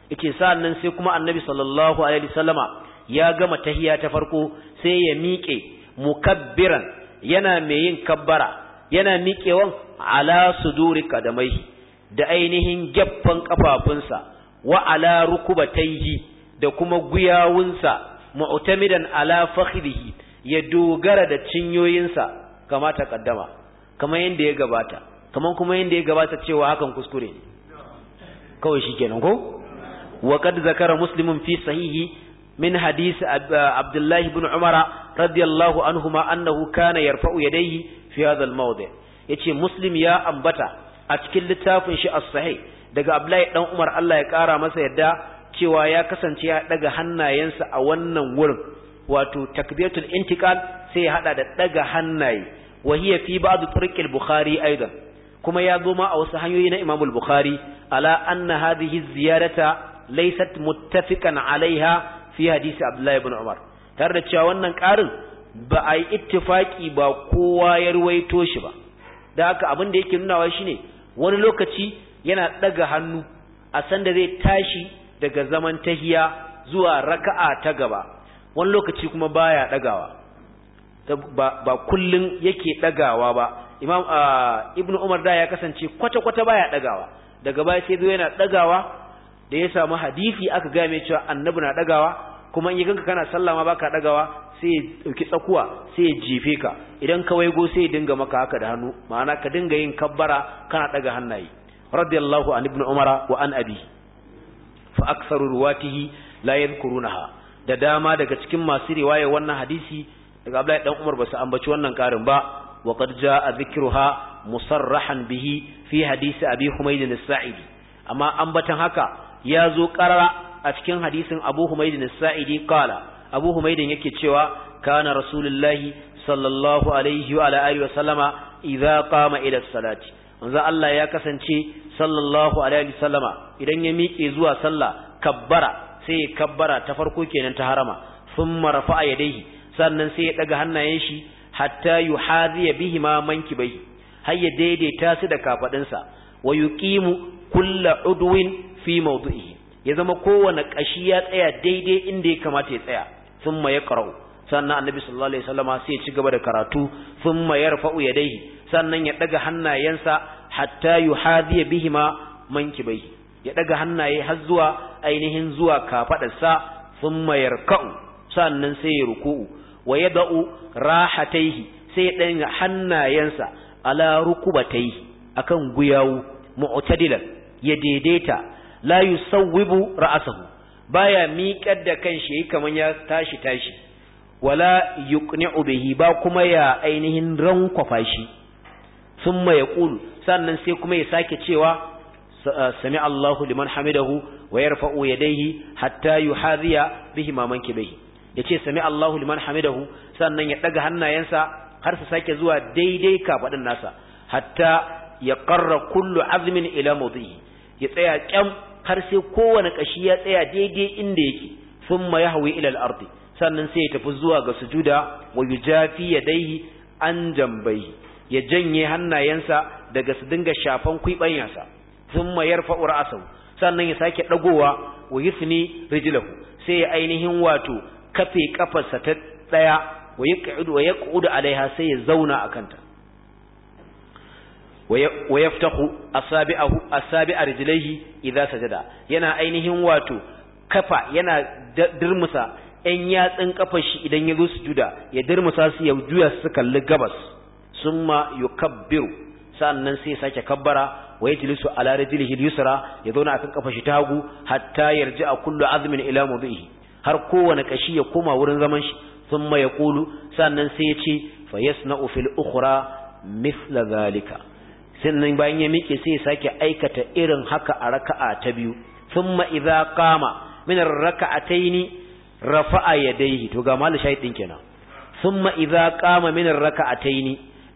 yace sannan sai kuma annabi sallallahu alaihi wasallama ya gama tahiya ta farko sai ya miƙe mukabbiran yana mai yin kabbara yana miƙewan ala suduri qadamaihi da ainihin gyaffan kafafunsa wa ala rukubatayhi da kuma guyawunsa mu'tamidan ala fakhdihi ya dogara da cinyoyinsa kama ta kaddama kama yanda ya gabata kama kuma yanda ya gabata cewa hakan kuskure ne kawai shikenan ko wa kad zakara muslimun fi sahihi min hadisi abdullahi ibn umara radiyallahu anhuma annahu kana yarfa'u yadayhi fi hadha al-mawdi' yace muslim ya ambata a cikin littafin shi as-sahih daga Abdullahi dan Umar Allah ya kara masa yadda cewa ya kasance ya daga hannayensa a wannan wurin wato takbiratul intiqal sai ya hada da daga hannaye wa hiya fi ba'd turqil bukhari aidan kuma ya zo ma a wasu hanyoyi na Imam al-Bukhari ala anna hadhihi ziyarata laysat muttafiqan alaiha fi hadisi Abdullahi ibn Umar tare da cewa wannan karin ba a yi ittifaki ba kowa ya ruwaito shi ba da haka abin da yake nunawa shine wani lokaci yana ɗaga hannu a sanda zai tashi daga zaman tahiya zuwa raka'a ta gaba wani lokaci kuma baya ɗagawa ba, ba kullum yake ɗagawa ba imam ah, ibnu umar da ya kasance kwata-kwata baya ɗagawa daga baya sai zo yana ɗagawa da ya samu hadisi aka gaya mai cewa annabi na ɗagawa kuma in yi ganka kana sallah ma baka dagawa sai dauki tsakuwa sai ya jefe ka idan ka waigo sai dinga maka haka da hannu ma'ana ka dinga yin kabbara kana daga hannaye radiyallahu an ibnu umara wa an abi fa aktsaru ruwatihi la yadhkurunaha da dama daga cikin masu riwaya wannan hadisi daga Abdullahi dan Umar basu ambaci wannan karin ba wa qad jaa dhikruha musarrahan bihi fi hadisi abi humayd al-sa'idi amma ambatan haka ya zo karara a cikin hadisin Abu Humayd as-Sa'idi qala Abu Humayd yake cewa kana Rasulullahi sallallahu alaihi wa alihi wa sallama idza qama ila salati manzo Allah ya kasance sallallahu alaihi wa sallama idan ya miƙe zuwa sallah kabbara sai ya kabbara ta farko kenan ta harama thumma rafa'a yadayhi sannan sai ya daga hannayen shi hatta bihi ma mankibai har ya daidaita su da kafadinsa wa yuqimu kullu udwin fi mawdu'ihi ya zama kowane ƙashi ya tsaya daidai inda ya kamata ya tsaya Sun ya ƙarau sannan annabi sallallahu alaihi wasallam sai ya ci gaba da karatu Sun fa'u ya daihi, sannan ya ɗaga hannayensa hatta yuhadiya bihima mankibaihi ya ɗaga hannaye har zuwa ainihin zuwa kafadarsa ya ka'u, sannan sai ya ruku'u wa yada'u rahataihi sai ya danga hannayensa ala rukubatai akan guyawu mu'tadilan ya daidaita la yusawwibu ra'sahu baya miƙar da kanshi yayi kaman ya tashi tashi wala yuqni'u bihi ba kuma ya ainihin rankwafa shi thumma ƙulu, sannan sai kuma ya sake cewa sami Allahu liman hamidahu wa yarfa'u yadayhi hatta yuhadhiya bihi ma mankibihi yace sami Allahu liman hamidahu sannan ya daga hannayensa har su sake zuwa daidai kafadin nasa hatta ya qarra kullu azmin ila mawdihi ya tsaya kyam har sai kowane kashi ya tsaya daidai inda yake thumma yahwi ila al-ardi sannan sai ya tafi zuwa ga sujuda wa yujafi yadayhi an jambai ya janye hannayensa daga su dinga shafan kwibanyansa thumma yarfa ra'sahu sannan ya sake dagowa wa yusni rijlahu sai ya ainihin wato kafe kafarsa ta daya wa yaqudu wa yaqudu alaiha sai ya zauna akanta wayaftahu asabi'ahu asabi'a rijlaihi idza sajada yana ainihin wato kafa yana durMusa ɗan yatsun kafar shi idan yazo zo sujuda ya durMusa su ya juya su kalli gabas summa yukabbiru sannan sai sake kabbara wa yajlisu ala rijlihi al-yusra ya zauna akan kafar shi ta hagu hatta a kullu azmin ila mudihi har kowane kashi ya koma wurin zaman shi summa yaqulu sannan sai ya ce fa yasna'u fil ukhra mithla zalika sannan bayan ya miƙe sai ya sake aikata irin haka a raka'a ta biyu thumma idza qama min ar-raka'ataini rafa'a yadayhi to ga malu shayi din kenan thumma idza qama min ar-raka'ataini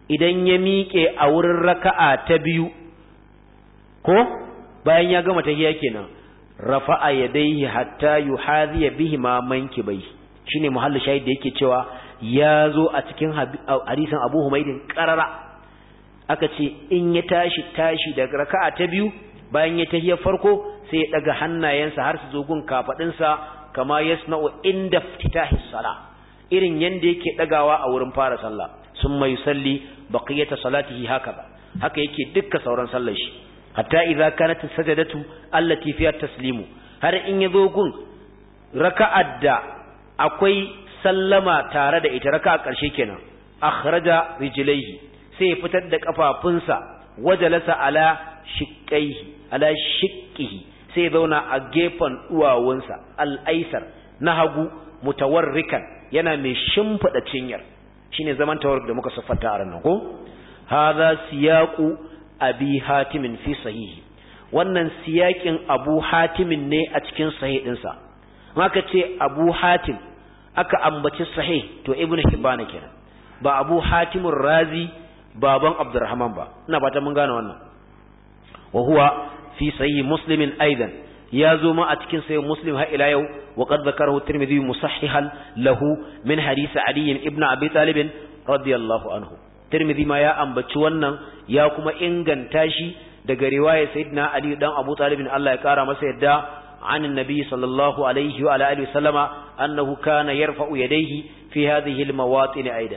idan ya miƙe a wurin raka'a ta biyu ko bayan ya gama tahiyya kenan rafa'a yadayhi hatta yuhadhi bihi ma mankibai shine muhallu shayi da yake cewa ya zo a cikin hadisin Abu Humaydin qarara aka ce in ya tashi tashi daga raka'a ta biyu bayan ya tahiya farko sai ya daga hannayensa har su zo gun kafadinsa kama yasna'u inda fitahi sala irin yanda yake dagawa a wurin fara sallah sun mai salli baqiyata salatihi ba haka yake dukkan sauran sallar shi hatta idza kanat sajadatu allati fiha taslimu har in ya zo gun raka'ar da akwai sallama tare da ita raka'a karshe kenan akhraja rijlaihi sai ya fitar da kafafunsa wajalasa ala shiqqaihi ala shiqqihi sai zauna a gefen duwawunsa al'aisar na hagu mutawarrikan yana mai shimfida cinyar shine zaman tawarruk da muka siffanta a ranar ko hadha siyaqu abi hatim fi sahihi wannan siyaƙin abu hatimin ne a cikin sahih dinsa maka ce abu hatim aka ambaci sahih to ibnu hibban kenan ba abu hatimun razi baban Abdurrahman ba ina fata mun gane wannan wa huwa fi sahih muslimin aidan ya zo ma a cikin sahih muslim har ila yau wa qad zakarahu tirmidhi musahhihan lahu min hadisi ali ibn abi talib radiyallahu anhu tirmidhi ma ya ambaci wannan ya kuma inganta shi daga riwaya sayyidina ali dan abu talib Allah ya kara masa yadda an النبي صلى الله عليه وعلى آله وسلم أنه كان يرفع يديه في هذه المواطن أيضا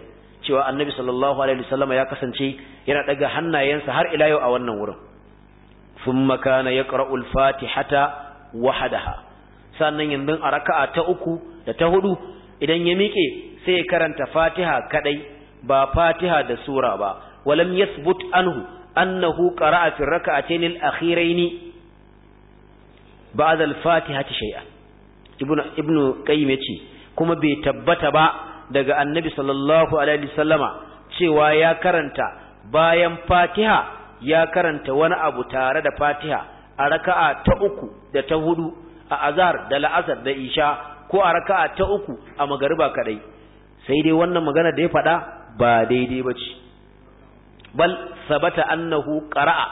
cewa annabi sallallahu alaihi wasallam ya kasance yana daga hannayensa har ila yau a wannan wurin thumma kana yaqra'u al-fatihata wahdaha sannan yanzu a raka'a ta uku da ta hudu idan ya miƙe sai ya karanta fatiha kadai ba fatiha da sura ba walam yathbut anhu annahu qara'a fi rak'atayn al-akhirayn ba'da al-fatihati shay'an ibnu ibnu qayyim yace kuma bai tabbata ba daga annabi sallallahu alaihi wasallama cewa ya karanta bayan fatiha ya karanta wani abu tare da fatiha a raka'a ta uku da ta hudu a azar da la'asar da isha ko a raka'a ta uku a magariba kadai sai dai wannan magana da ya faɗa ba daidai ba ce bal sabata annahu qara'a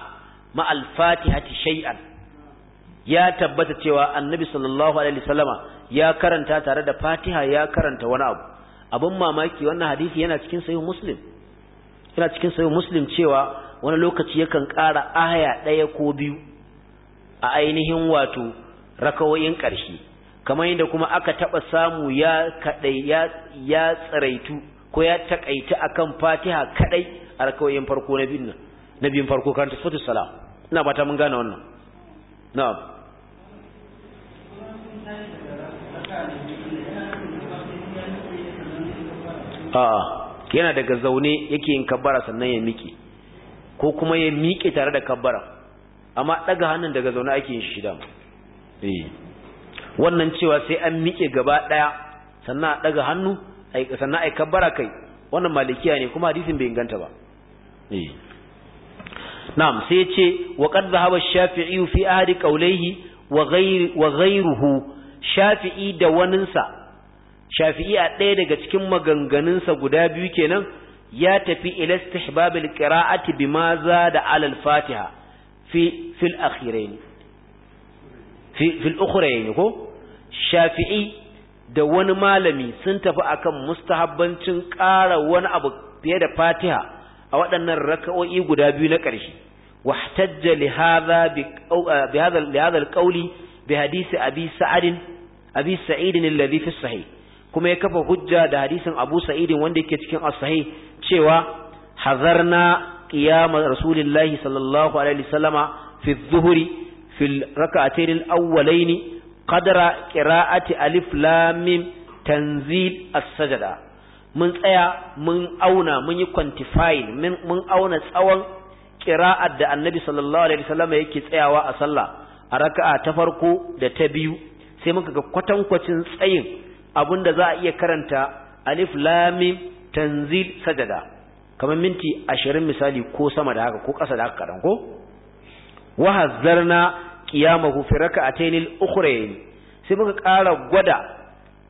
ma al-fatihati shay'an ya tabbata cewa annabi sallallahu alaihi wasallama ya karanta tare da fatiha ya karanta wani abu abin mamaki wannan hadisi yana cikin sahih muslim yana cikin sahih muslim cewa wani lokaci yakan ƙara aya ɗaya ko biyu a ainihin wato rakawoyin ƙarshe kamar yadda kuma aka taɓa samu ya kaɗai ya ya tsaraitu ko ya taƙaita akan fatiha kaɗai a rakawoyin farko na biyun na biyun farko kan sura salam ina fata mun gane wannan na'am a'a yana daga zaune yake yin kabbara sannan ya miƙe ko kuma ya miƙe tare da kabbara amma daga hannun daga zaune ake yin shi eh wannan cewa sai an miƙe gaba daya sannan a daga hannu sannan ai kabbara kai wannan malikiya ne kuma hadisin bai inganta ba eh na'am sai ce wa qad dhahaba shafii fi ahadi qawlihi wa ghayri wa ghayruhu shafi'i da waninsa shafi'i a ɗaya daga cikin maganganunsa guda biyu kenan ya tafi ila istihbabil qira'ati bima da alal fatiha fi fil akhirain fi fil ukhrayn ko shafi'i da wani malami sun tafi akan mustahabbancin ƙara wani abu fiye da fatiha a waɗannan raka'o'i guda biyu na ƙarshe wahtajja li hadha bi eh, hadha li hadha al bi hadisi abi sa'id abi sa'id alladhi fi sahih kuma ya kafa hujja da hadisin Abu Sa'id wanda yake cikin as cewa hazarna qiyam rasulillahi sallallahu alaihi wasallama fi adh-dhuhri fi rak'atayn al qadra qira'ati alif lam mim tanzil as-sajda mun tsaya mun auna mun yi quantifying mun auna tsawon qira'ar da annabi sallallahu alaihi wasallama yake tsayawa a sallah a raka'a ta farko da ta biyu sai muka ga kwatankwacin tsayin da za a iya karanta alif lam tanzil sajada kamar minti ashirin misali ko sama da haka ko ƙasa da haka kadan ko wa hazzarna qiyamahu fi rak'atayn al-ukhrayn sai muka ƙara gwada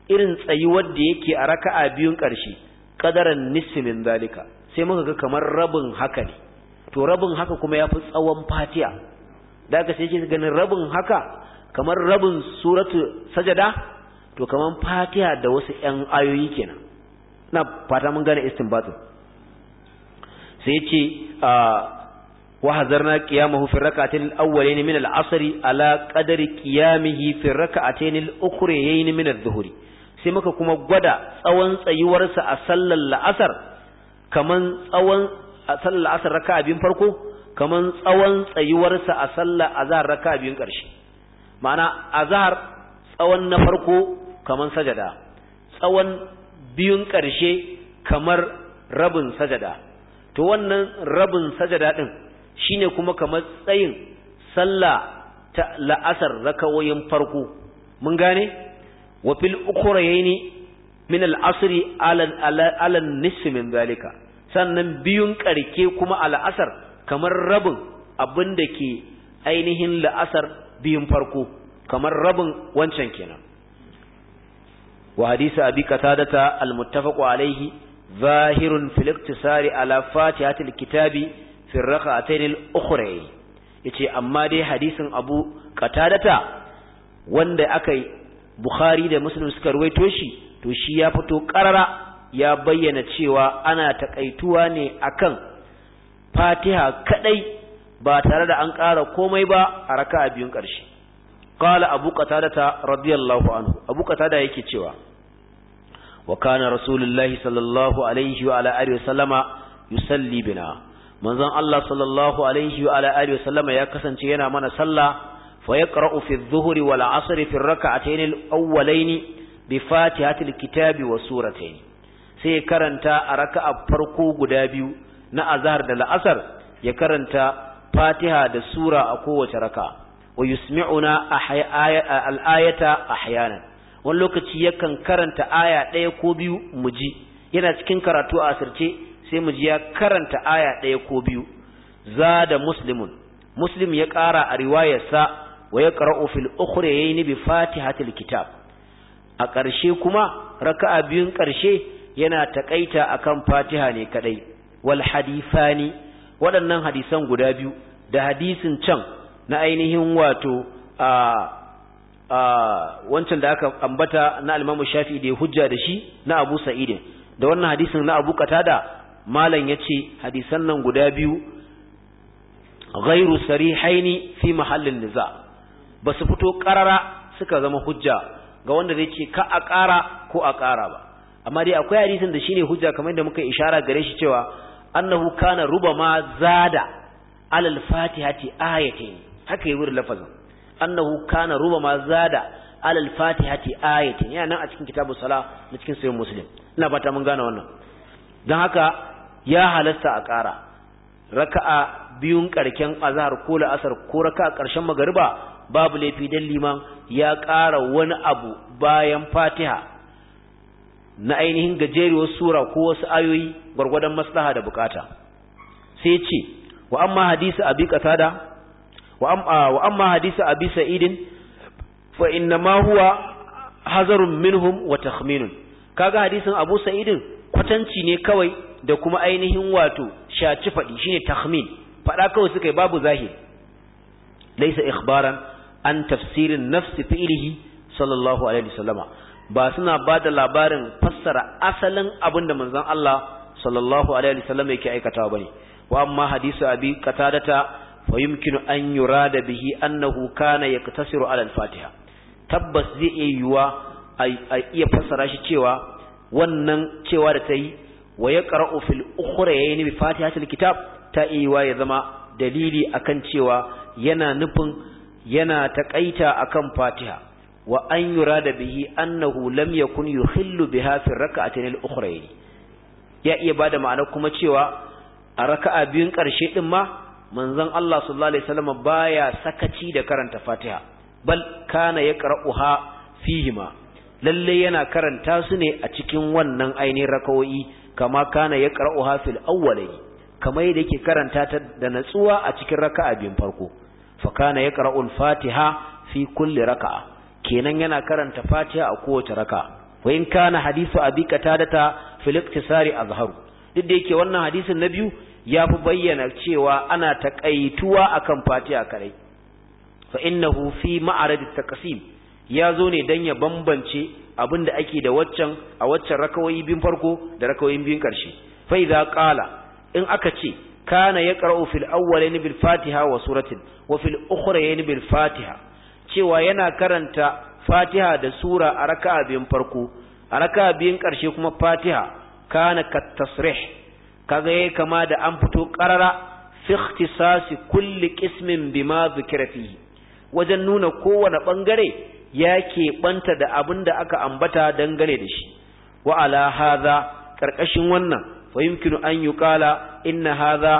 irin tsayuwar da yake a raka'a biyun ƙarshe qadaran nisfi min zalika sai muka ga kamar rabin haka ne to rabin haka kuma ya fi tsawon fatiya da aka sai yake ganin rabin haka kamar rabin suratu sajada to kaman fatiha da wasu ƴan ayoyi kenan na fata mun gane istinbatin sai ya ce wa hazarna qiyamahu fi rak'atayn al-awwalayn min al-'asr ala qadri qiyamihi fi rak'atayn al-ukhrayayn min adh dhuhr sai muka kuma gwada tsawon tsayuwarsa a sallar la'asar kaman tsawon a sallar la'asar raka'a biyun farko kaman tsawon tsayuwarsa a sallar azhar raka'a biyun ƙarshe ma'ana azhar tsawon na farko kaman sajada tsawon biyun ƙarshe kamar rabin sajada to wannan rabin sajada ɗin shine kuma kamar tsayin sallah ta la'asar rakawoyin farko mun gane wa fil yi min al-asri nisfi min zalika sannan biyun ƙarke kuma a la'asar kamar rabin abin da ke ainihin la'asar biyun farko kamar rabin wancan kenan wa hadisi abi qatadata al-muttafaq alayhi zahirun fil iktisari ala fatihatil kitabi fi rak'atayn al-ukhra yace amma dai hadisin abu qatadata wanda aka bukhari da muslim suka ruwaito shi to shi ya fito qarara ya bayyana cewa ana takaituwa ne akan fatiha kadai ba tare da an ƙara komai ba a raka'a biyun ƙarshe qala abu qatadata radiyallahu anhu abu qatada yake cewa wa kana rasulullahi sallallahu alaihi wa ala alihi wasallama yusalli manzon Allah sallallahu alaihi wa ala ya kasance yana mana sallah fa yaqra'u fi adh-dhuhri wal 'asri fi bi fatihati kitabi wa suratayn sai karanta a raka'a farko guda biyu na da la'asar ya karanta fatiha da sura a kowace wa yusmi'una wani lokaci yakan karanta aya ɗaya ko biyu mu ji yana cikin karatu a asirce sai mu ji ya karanta aya ɗaya ko biyu za da muslimun muslim ya ƙara a riwayarsa wa ya ƙara'u ya yi yayi bi fatihatul kitab a ƙarshe kuma raka'a biyun ƙarshe yana taƙaita akan fatiha ne kaɗai wal hadithani waɗannan hadisan guda biyu da hadisin can na ainihin wato a wancan da aka ambata na almamu shafi Shafi'i da hujja da shi na Abu Sa'id da wannan hadisin na Abu Qatada malam ce hadisan nan guda biyu ghairu haini, fi mahallin niza basu fito karara suka zama hujja ga wanda zai ce ka a ƙara ko a ƙara ba amma dai akwai hadisin da shine hujja kamar da muka ishara gare shi cewa annahu kana rubama zada alal fatihati ayatin haka yi wurin lafazin annahu kana Ruba ma zada alal fatihati ayatin yana nan a cikin kitabu sala na cikin sayin muslim ina fata mun gane wannan don haka ya halasta a ƙara raka'a biyun ƙarken azhar ko la'asar ko raka'a ƙarshen magariba babu laifi dan liman ya ƙara wani abu bayan fatiha na ainihin gajeriyar sura ko wasu ayoyi gwargwadon maslaha da bukata sai ce wa amma hadisi abi qatada Ah, wa amma hadisi abi sa'idin fa hazarun minhum wa takhminun kaga hadisin abu sa'idin kwatanci ne kawai da kuma ainihin wato shaci faɗi shine takhmin fada kawai suka yi babu zahiri laysa ikbaran an tafsirin nafsi fi'lihi sallallahu ba suna ba da labarin fassara asalin abinda da manzon Allah sallallahu alaihi wasallam yake aikatawa ba ne. amma hadisu abi qatadata wa yumkinu an da bihi annahu kana yaktasiru ala fatiha tabbas zai iya yiwa a iya fassara shi cewa wannan cewa da ta yi wa ya qara'u fil ukhra yayin bi fatihatil kitab ta iya ya zama dalili akan cewa yana nufin yana takaita akan fatiha wa an yurada bihi annahu lam yakun yuhillu biha fi rak'atayn al-ukhrayn ya iya bada ma'ana kuma cewa a raka'a biyun karshe din ma manzon Allah sallallahu alaihi wasallam baya sakaci da karanta Fatiha bal kana yaqra'uha fihima lalle yana karanta su ne a cikin wannan ainihin rakawoyi kama kana yaqra'uha fil awwali Kama yadda yake karanta ta da natsuwa a cikin raka'a biyun farko fa kana yaqra'ul fatiha fi kulli raka'a kenan yana karanta Fatiha a kowace raka'a wa in kana hadithu abi qatadata fil iktisari azharu duk da yake wannan hadisin na biyu ya fi bayyana cewa ana taƙaituwa akan fatiha karai. fa innahu fi ma'arad taqsim ya zo ne dan ya bambance abin da ake da waccan a waccan rakawai bin farko da rakawai biyun karshe fa idza qala in aka ce kana yaqra'u fil awwalayn bil fatiha wa suratin wa fil ukhrayn bil fatiha cewa yana karanta fatiha da sura a raka'a biyun farko a raka'a biyun karshe kuma fatiha kana kat kaga yayi kama da an fito qarara fi ikhtisasi kulli qismin bima dhukira fihi wajen nuna kowane bangare ya keɓanta da abin da aka ambata dangane da shi wa ala hadha karkashin wannan fa yumkinu an yuqala inna hadha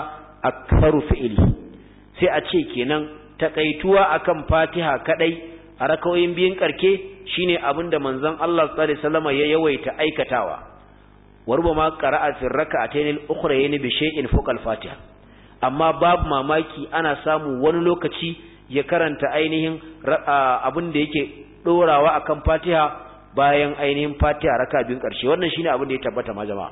aktharu fi'li sai a ce kenan takaituwa akan fatiha kadai a rakawoyin biyun karke shine abinda manzon Allah sallallahu alaihi wasallam ya yawaita aikatawa warubama qara'a fi rak'atayn al-ukhrayn bi shay'in fuq al-fatiha amma babu mamaki ana samu wani lokaci ya karanta ainihin abin da yake dorawa akan fatiha bayan ainihin fatiha raka biyun karshe wannan shine abin da ya tabbata ma jama'a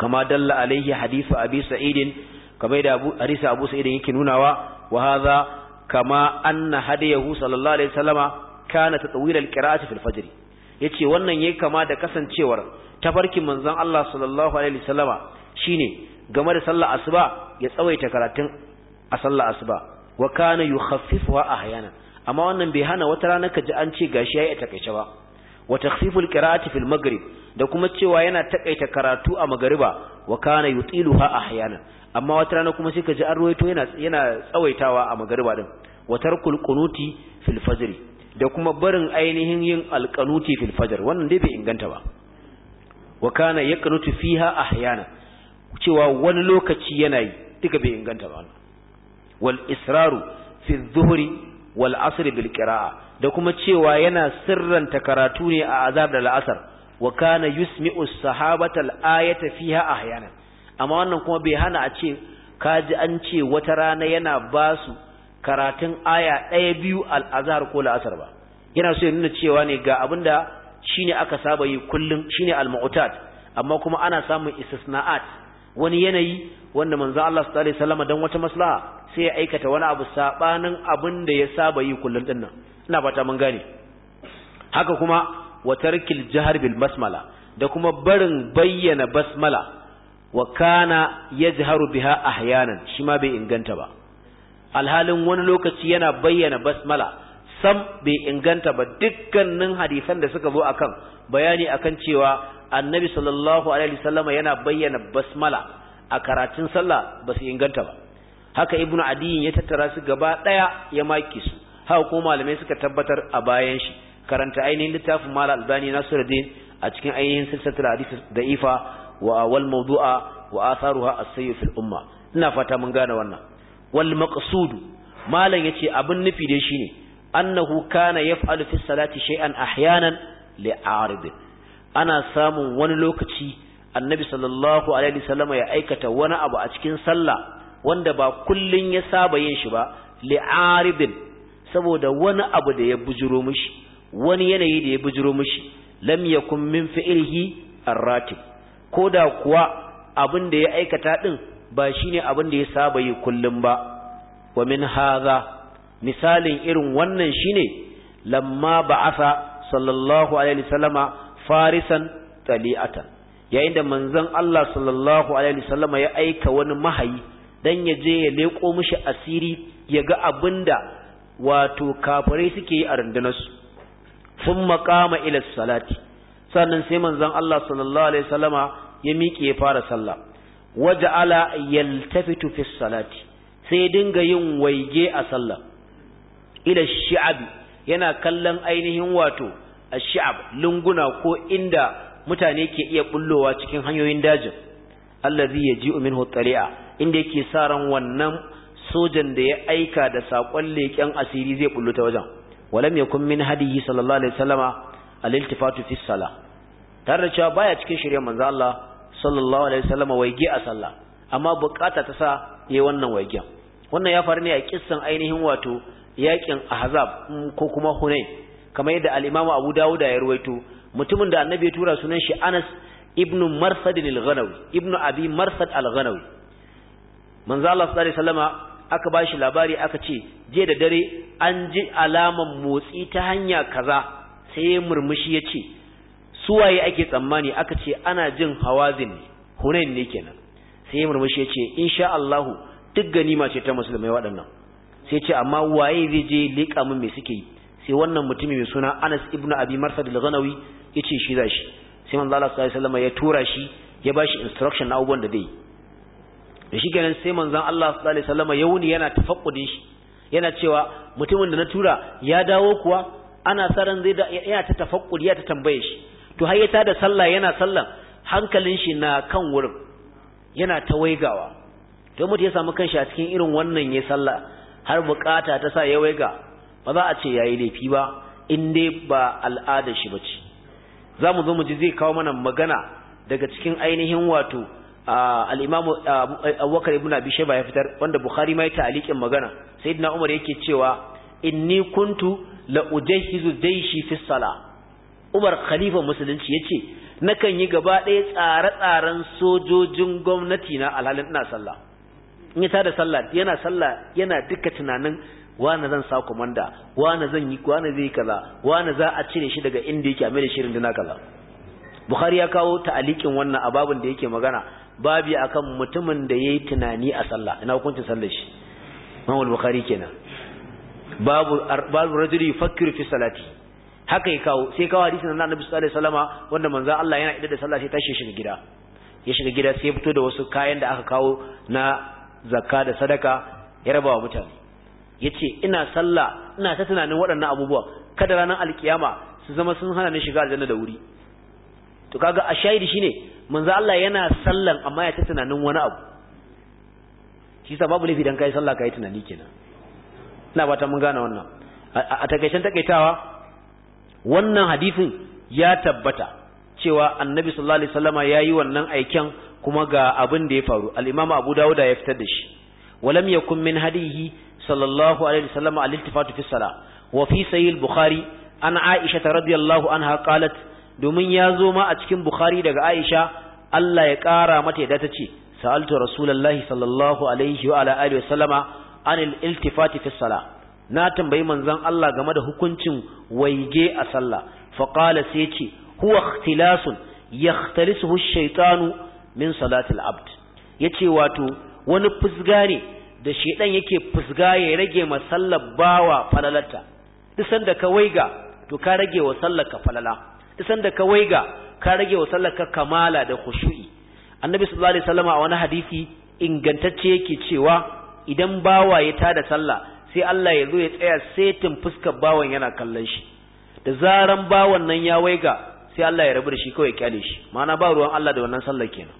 kama dalla Alayhi, hadithu abi sa'idin kama da abu harisa abu sa'idin yake nunawa wa hadha kama anna hadayahu sallallahu alaihi wasallama kana tatawir al-qira'ati fil fajr Ya ce wannan yayi kama da kasancewar tafarkin manzon Allah sallallahu alaihi wasallama shine game da sallah asuba ya tsawaita karatun a sallah asuba wa kana a hayana. amma wannan bai hana wata rana ka ji an ce gashi ya a takaice ba wa takhfiful qira'ati fil maghrib da kuma cewa yana takaita karatu a magariba wa kana yutiluha ahyana amma wata rana kuma sai ka ji an ruwaito yana yana tsawaitawa a magariba din wa tarkul qunuti fil fajr da kuma barin ainihin yin alƙanuti fil fajar. wannan dai bai inganta ba wa kana yaqnutu fiha ahyana cewa wani lokaci yana yi duka bai inganta ba wal israru fi dhuhri wal asr bil qira'a da kuma cewa yana sirranta karatu ne a azab da al'asar wa kana yusmi'u sahabatal ayata fiha ahyana amma wannan kuma bai hana a ce kaji an ce wata rana yana basu karatun aya ɗaya biyu al'azhar ko la'asar ba yana so ya nuna cewa ne ga abin da shi ne aka saba yi kullum shine al-mu'tad amma kuma ana samun istisna'at wani yanayi wanda manzo Allah sallallahu alaihi wasallam dan wata maslaha sai ya aikata wani abu sabanin abin da ya saba yi kullum din nan ina fata mun gane haka kuma wa tarkil jahr bil basmala da kuma barin bayyana basmala wa kana yajharu biha ahyanan shi ma bai inganta ba alhalin wani lokaci yana bayyana basmala sam bai inganta ba dukkanin hadisan da suka zo akan bayani akan cewa annabi sallallahu alaihi wasallam yana bayyana basmala a karatun sallah ba su inganta ba haka ibnu adiyin ya tattara su gaba daya ya maki su haka kuma malamai suka tabbatar a bayan shi karanta ainihin littafin mala albani nasiruddin a cikin ainihin silsilatul hadith da'ifa wa wal mawdu'a wa atharuha as sayyid fil umma ina fata mun gane wannan wal maqsudu malam yace abin nufi dai shine annahu kana yaf'alu fi salati shay'an ahyanan li'arib ana samun wani lokaci annabi sallallahu alaihi wasallam ya aikata wani abu a cikin sallah wanda ba kullun ya saba yin shi ba li'aribin saboda wani abu da ya bujiro mishi wani yanayi da ya bujiro mishi lam yakun min fi'lihi arratib koda kuwa abin da ya aikata din ba shi ne abin da ya saba yi kullum ba wa min haza misalin irin wannan shi ne lamma ba'asa sallallahu alaihi wasallama farisan tali'atan yayin da manzon Allah sallallahu alaihi wasallama ya aika wani mahayi dan ya je ya leƙo mishi asiri ya ga abin da wato kafirai suke yi a rundunarsu sun makama ila salati sannan sai manzon Allah sallallahu alaihi wasallama ya miƙe ya fara sallah waja'ala yaltafitu fi salati sai dinga yin waige a sallah ila shi'ab yana kallon ainihin wato ash-shi'ab lunguna ko inda mutane ke iya bullowa cikin hanyoyin dajin allazi yaji'u minhu tari'a inda yake sa ran wannan sojan da ya aika da sakon leken asiri zai bullo ta wajen walam yakun min hadihi sallallahu alaihi wasallama al-iltifatu fi salah tare da cewa baya cikin shirye manzo Allah sallallahu alaihi wasallam waige a sallah amma bukata ta sa yayi wannan waigen wannan ya faru ne a kissan ainihin wato yakin ahzab ko kuma hunain kamar yadda al-imam abu dawud ya ruwaito mutumin da annabi ya tura sunan shi anas Ibn marsad al-ghanawi Ibn abi marsad al-ghanawi manzo Allah sallallahu alaihi wasallam aka bashi labari aka ce je da dare an ji alaman motsi ta hanya kaza sai murmushi ya ce Su waye ake tsammani aka ce ana jin hawazin ne hunain ne kenan sai murmushi ya ce insha Allahu duk ganima ce ta musulmai waɗannan sai ce amma waye zai je leƙa min me suke yi sai wannan mutumi mai suna Anas ibn Abi Marsad al-Ghanawi yace shi za shi sai manzo Allah sallallahu alaihi wasallam ya tura shi ya bashi instruction na abubuwan da zai da shi kenan sai manzo Allah sallallahu alaihi wasallam ya wuni yana tafakkudin shi yana cewa mutumin da na tura ya dawo kuwa ana sa ran zai ya ta tafakkuri ya ta tambaye shi to har yata da sallah yana sallah hankalin shi na kan wurin yana ta waigawa to mutum ya samu kanshi a cikin irin wannan ya sallah har bukata ta sa ya waiga ba za a ce yayi laifi ba in dai ba al'ada shi bace za mu zo mu ji zai kawo mana magana daga cikin ainihin wato al-imam Abubakar ibn Abi Shayba ya fitar wanda Bukhari ma ya ta'aliqin magana sayyidina Umar yake cewa inni kuntu la ujahizu daishi fi salah Umar khalifa musulunci na kan yi gaba ɗaya tsare-tsaren sojojin gwamnati na alhalin ina sallah in ya da sallah yana sallah yana duka tunanin wane zan sa komanda wane zan yi wani zai kaza wane za a cire shi daga inda yake a da shirin dina kaza Bukhari ya kawo ta'alikin wannan ababin da yake magana babi akan mutumin da yayi tunani a sallah ina hukuncin sallar shi Imam Bukhari kenan babu babu rajuli yufakkiru fi salati haka ya kawo sai kawo hadisi na annabi sallallahu alaihi wasallama wanda manzo Allah yana idda da sallah sai tashi shiga gida ya shiga gida sai ya fito da wasu kayan da aka kawo na zakka da sadaka ya rabawa mutane yace ina sallah ina ta tunanin waɗannan abubuwa kada ranar alkiyama su zama sun hana ni shiga aljanna da wuri to kaga a shahidi shine manzo Allah yana sallan amma ya ta tunanin wani abu shi sa babu laifi dan kai sallah kai tunani kenan ina ba ta mun gane wannan a takaicen takaitawa wannan hadisin ya tabbata cewa annabi sallallahu alaihi wasallama yayi wannan aiken kuma ga abin da ya faru al-imamu abu dawuda ya fitar da shi walam yakun min hadihi sallallahu alaihi wasallama al-iltifatu fi salah wa fi sahih bukhari an aisha radiyallahu anha qalat domin ya zo ma a cikin bukhari daga aisha Allah ya kara mata da ta ce sa'altu rasulullahi sallallahu alaihi wa ala alihi wasallama anil fi na tambayi manzon Allah game da hukuncin waige a sallah fa sai ce huwa ikhtilasun yakhtalisuhu ash-shaytanu min salati al-abd yace wato wani fusga ne da shedan yake fusga ya rage ma sallar bawa falalata dusan sanda ka waiga to ka rage wa sallar ka falala dusan sanda ka waiga ka rage wa sallar ka kamala da khushu'i annabi sallallahu alaihi wasallam a wani hadisi ingantacce yake cewa idan bawa ya tada sallah sai Allah ya zo ya tsaya setin fuskar bawan yana kallon shi da zaran bawan nan ya waiga sai Allah ya rabu da shi kawai kyale shi ma'ana ba ruwan Allah da wannan sallar kenan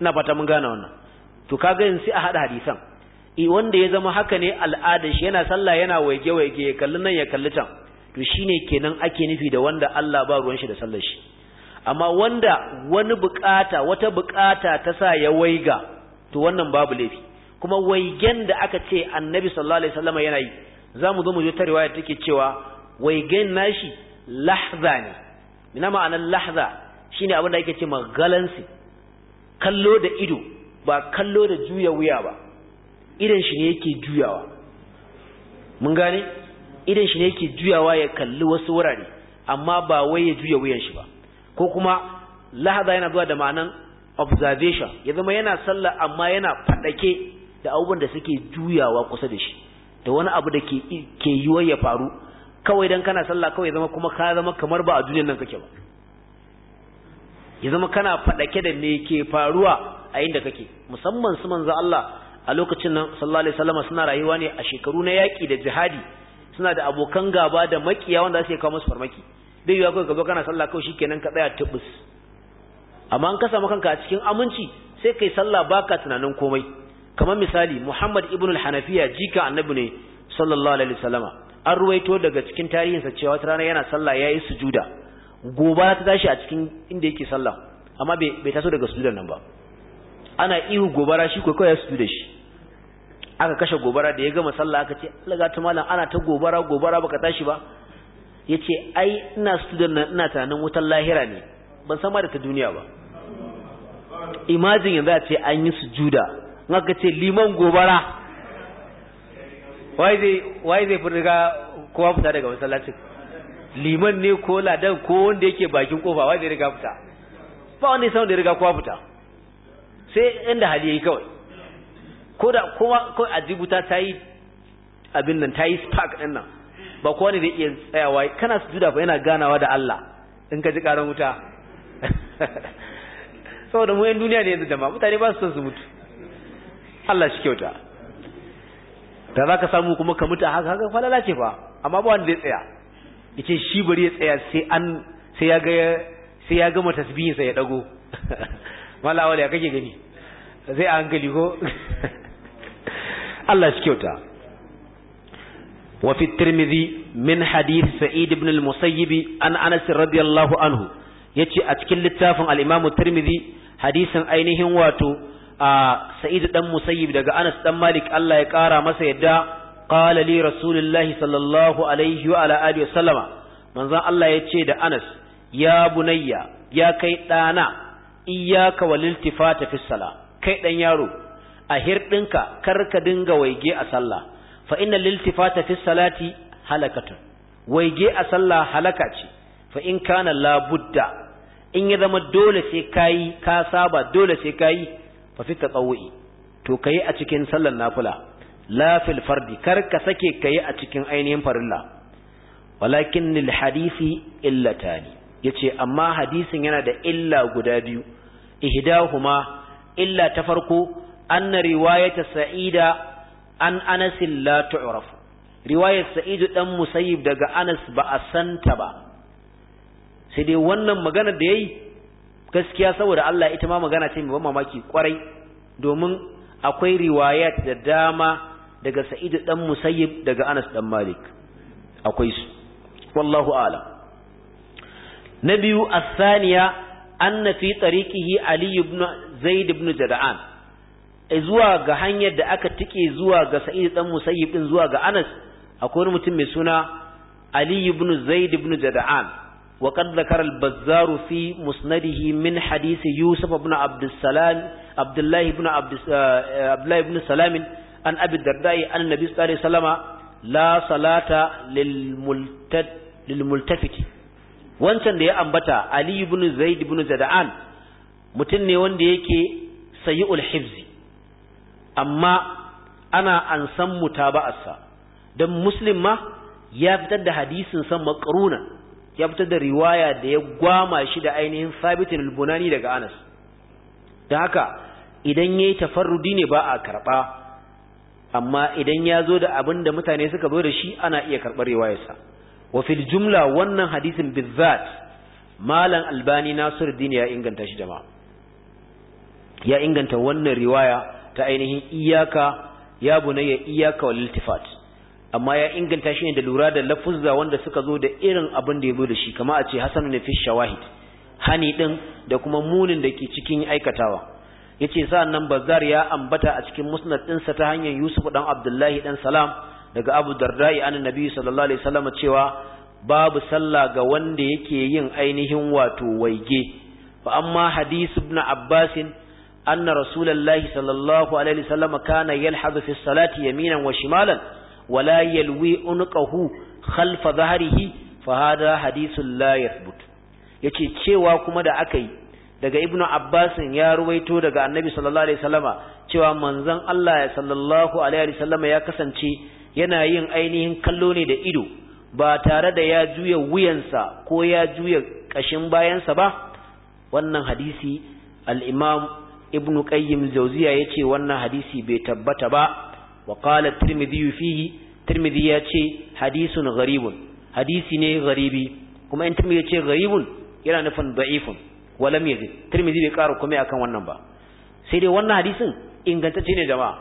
ina fata mun gane wannan to kaga yin sai a hada hadisan i wanda ya zama haka ne al'adar shi yana sallah yana waige waige ya kalli nan ya kalli can to shine kenan ake nufi da wanda Allah ba ruwan shi da sallar shi amma wanda wani bukata wata bukata ta sa ya waiga to wannan babu laifi kuma waigen da aka ce annabi sallallahu alaihi wasallam yana yi zamu zo mu ji ta riwaya take cewa waigen nashi lahza ne ina ma'anar lahza shine abin da ake ce ma galansi kallo da ido ba kallo da juya wuya ba idan shi ne yake juyawa mun gane idan shi ne yake juyawa ya kalli wasu wurare amma ba wai ya juya wuyan shi ba ko kuma lahza yana zuwa da ma'anan observation ya zama yana sallah amma yana fadake da abubuwan da suke juyawa kusa da shi da wani abu da ke ke ya faru kawai don kana sallah kawai zama kuma ka zama kamar ba a duniyar nan kake ba ya zama kana fadake da me ke faruwa a inda kake musamman su manzo Allah a lokacin nan sallallahu alaihi wasallam suna rayuwa ne a shekaru na yaki da jihadi suna da abokan gaba da makiya wanda su kawo musu farmaki dai yawa kawai ka zo kana sallah kawai shikenan ka tsaya tubus amma an kasa maka a cikin aminci sai kai sallah baka tunanin komai kamar misali Muhammad ibn al-Hanafiya jika annabi ne sallallahu alaihi wasallama an ruwaito daga cikin tarihinsa cewa tarana yana sallah yayi sujuda gobara ta tashi a cikin inda yake sallah amma bai bai taso daga sujudan nan ba ana ihu gobara shi ko kai ya sujuda shi aka kashe gobara da ya gama sallah aka ce Allah ga malam ana ta gobara gobara baka tashi ba yace ai ina sujudan nan ina tunanin wutar lahira ne ban san ma da ta duniya ba imagine yanzu a ce an yi sujuda ka ce liman gobara wai zai fi riga kowa fita daga masallacin liman ne ko ladan ko wanda yake bakin kofa wai zai riga fita ba wanda ya san da ya riga kowa fita sai inda hali yayi kawai ko da kuma ko ajibuta ta yi abin nan ta yi spark din nan ba kowa ne da iya tsayawa kana su juda fa yana ganawa da Allah in ka ji karan wuta saboda mu yan duniya ne yanzu jama'a mutane ba su son su mutu Allah shi kyauta da za ka samu kuma ka mutu haka haka falala ce fa amma ba wanda zai tsaya yace shi bari ya tsaya sai an sai ya ga sai ya gama tasbihin sa ya dago mala wala ya kake gani sai an gali ko Allah shi kyauta wa fi tirmidhi min hadith sa'id ibn al-musayyib an anas radiyallahu anhu yace a cikin littafin al-imam tirmidhi hadisin ainihin wato a sa'id dan musayyib daga anas dan malik Allah ya kara masa yadda qala li rasulullahi sallallahu alaihi wa ala alihi wasallama manzon Allah ya ce da anas ya bunayya ya kai dana iyyaka wal iltifata fi sala kai dan yaro a hirdinka kar ka dinga waige a sallah fa inna liltifata fi salati halakatun waige a sallah halaka ce fa in kana la budda in ya zama dole sai kayi ka saba dole sai kayi fa fi tatawwi to kai a cikin sallar nafila la fil kar ka sake kai a cikin ainihin farilla walakin lil hadisi illatani yace amma hadisin yana da illa guda biyu ihdahuma illa ta farko anna riwayata sa'ida an anas la tu'raf riwayar sa'id ɗan musayyib daga anas ba a santa ba sai dai wannan maganar da yayi gaskiya saboda Allah ita ma magana ce mai ban mamaki kwarai domin akwai riwayat da dama daga Sa'id dan Musayyib daga Anas dan Malik akwai su wallahu a'lam na biyu as-thaniya anna fi tariqihi Ali ibn Zaid ibn Jada'an e, zuwa ga hanyar da aka tike zuwa ga Sa'id dan Musayyib din zuwa ga Anas akwai wani mutum mai suna Ali ibn Zaid ibn Jada'an وقد ذكر البزار في مسنده من حديث يوسف بن عبد السلام عبد الله بن عبد عبد الله بن سلام عن ابي الدرداء ان النبي صلى الله عليه وسلم لا صلاه للملتد للملتفت wancan da ya ambata Ali ibn Zaid ibn Zada'an mutum ne wanda yake sayi'ul hifzi amma ana an san mutaba'arsa don muslim ma ya fitar da hadisin san makaruna ya fitar da riwaya da ya gwama shi da ainihin sabitin albunani daga anas da haka idan ya yayi tafarrudi ne ba a karɓa. amma idan ya zo da abin da mutane suka zo da shi ana iya karɓar riwayarsa wafil jumla wannan hadisin bizzat malam albani dina ya inganta shi jama'a ya inganta wannan riwaya ta ainihin iyaka ya bunayya iyaka wal iltifat amma ya inganta shi ne da lura da lafuzza wanda suka zo da irin abin da ya zo da shi kama a ce hasanu ne fi shawahid hani din da kuma munin da ke cikin aikatawa yace nan bazar ya ambata a cikin musnad ɗinsa ta hanyar yusuf ɗan abdullahi dan salam daga abu darda'i an nabi sallallahu alaihi wasallam cewa babu sallah ga wanda yake yin ainihin wato waige fa amma hadis ibn abbasin anna rasulullahi sallallahu alaihi wasallam kana yalhadu fi salati yaminan wa shimalan wala yalwi unqahu خلف ظهره فهذا حديث لا يثبت yace cewa kuma da akai daga ibnu Abbas ya ruwaito daga annabi sallallahu alaihi wasallama cewa manzon Allah sallallahu alaihi wasallama ya kasance yana yin ainihin kallo ne da ido ba tare da ya juya wuyansa ko ya juya kashin bayansa ba wannan hadisi al-imam ibnu qayyim jawziya yace wannan hadisi bai tabbata ba wa qala tirmidhi fihi tirmidhi ya ce hadisun gharibun hadisi ne gharibi kuma in tirmidhi ya ce gharibun yana nufin da'ifun wa lam yazid tirmidhi bai ƙara komai akan wannan ba sai dai wannan hadisin ingantacce ne jama'a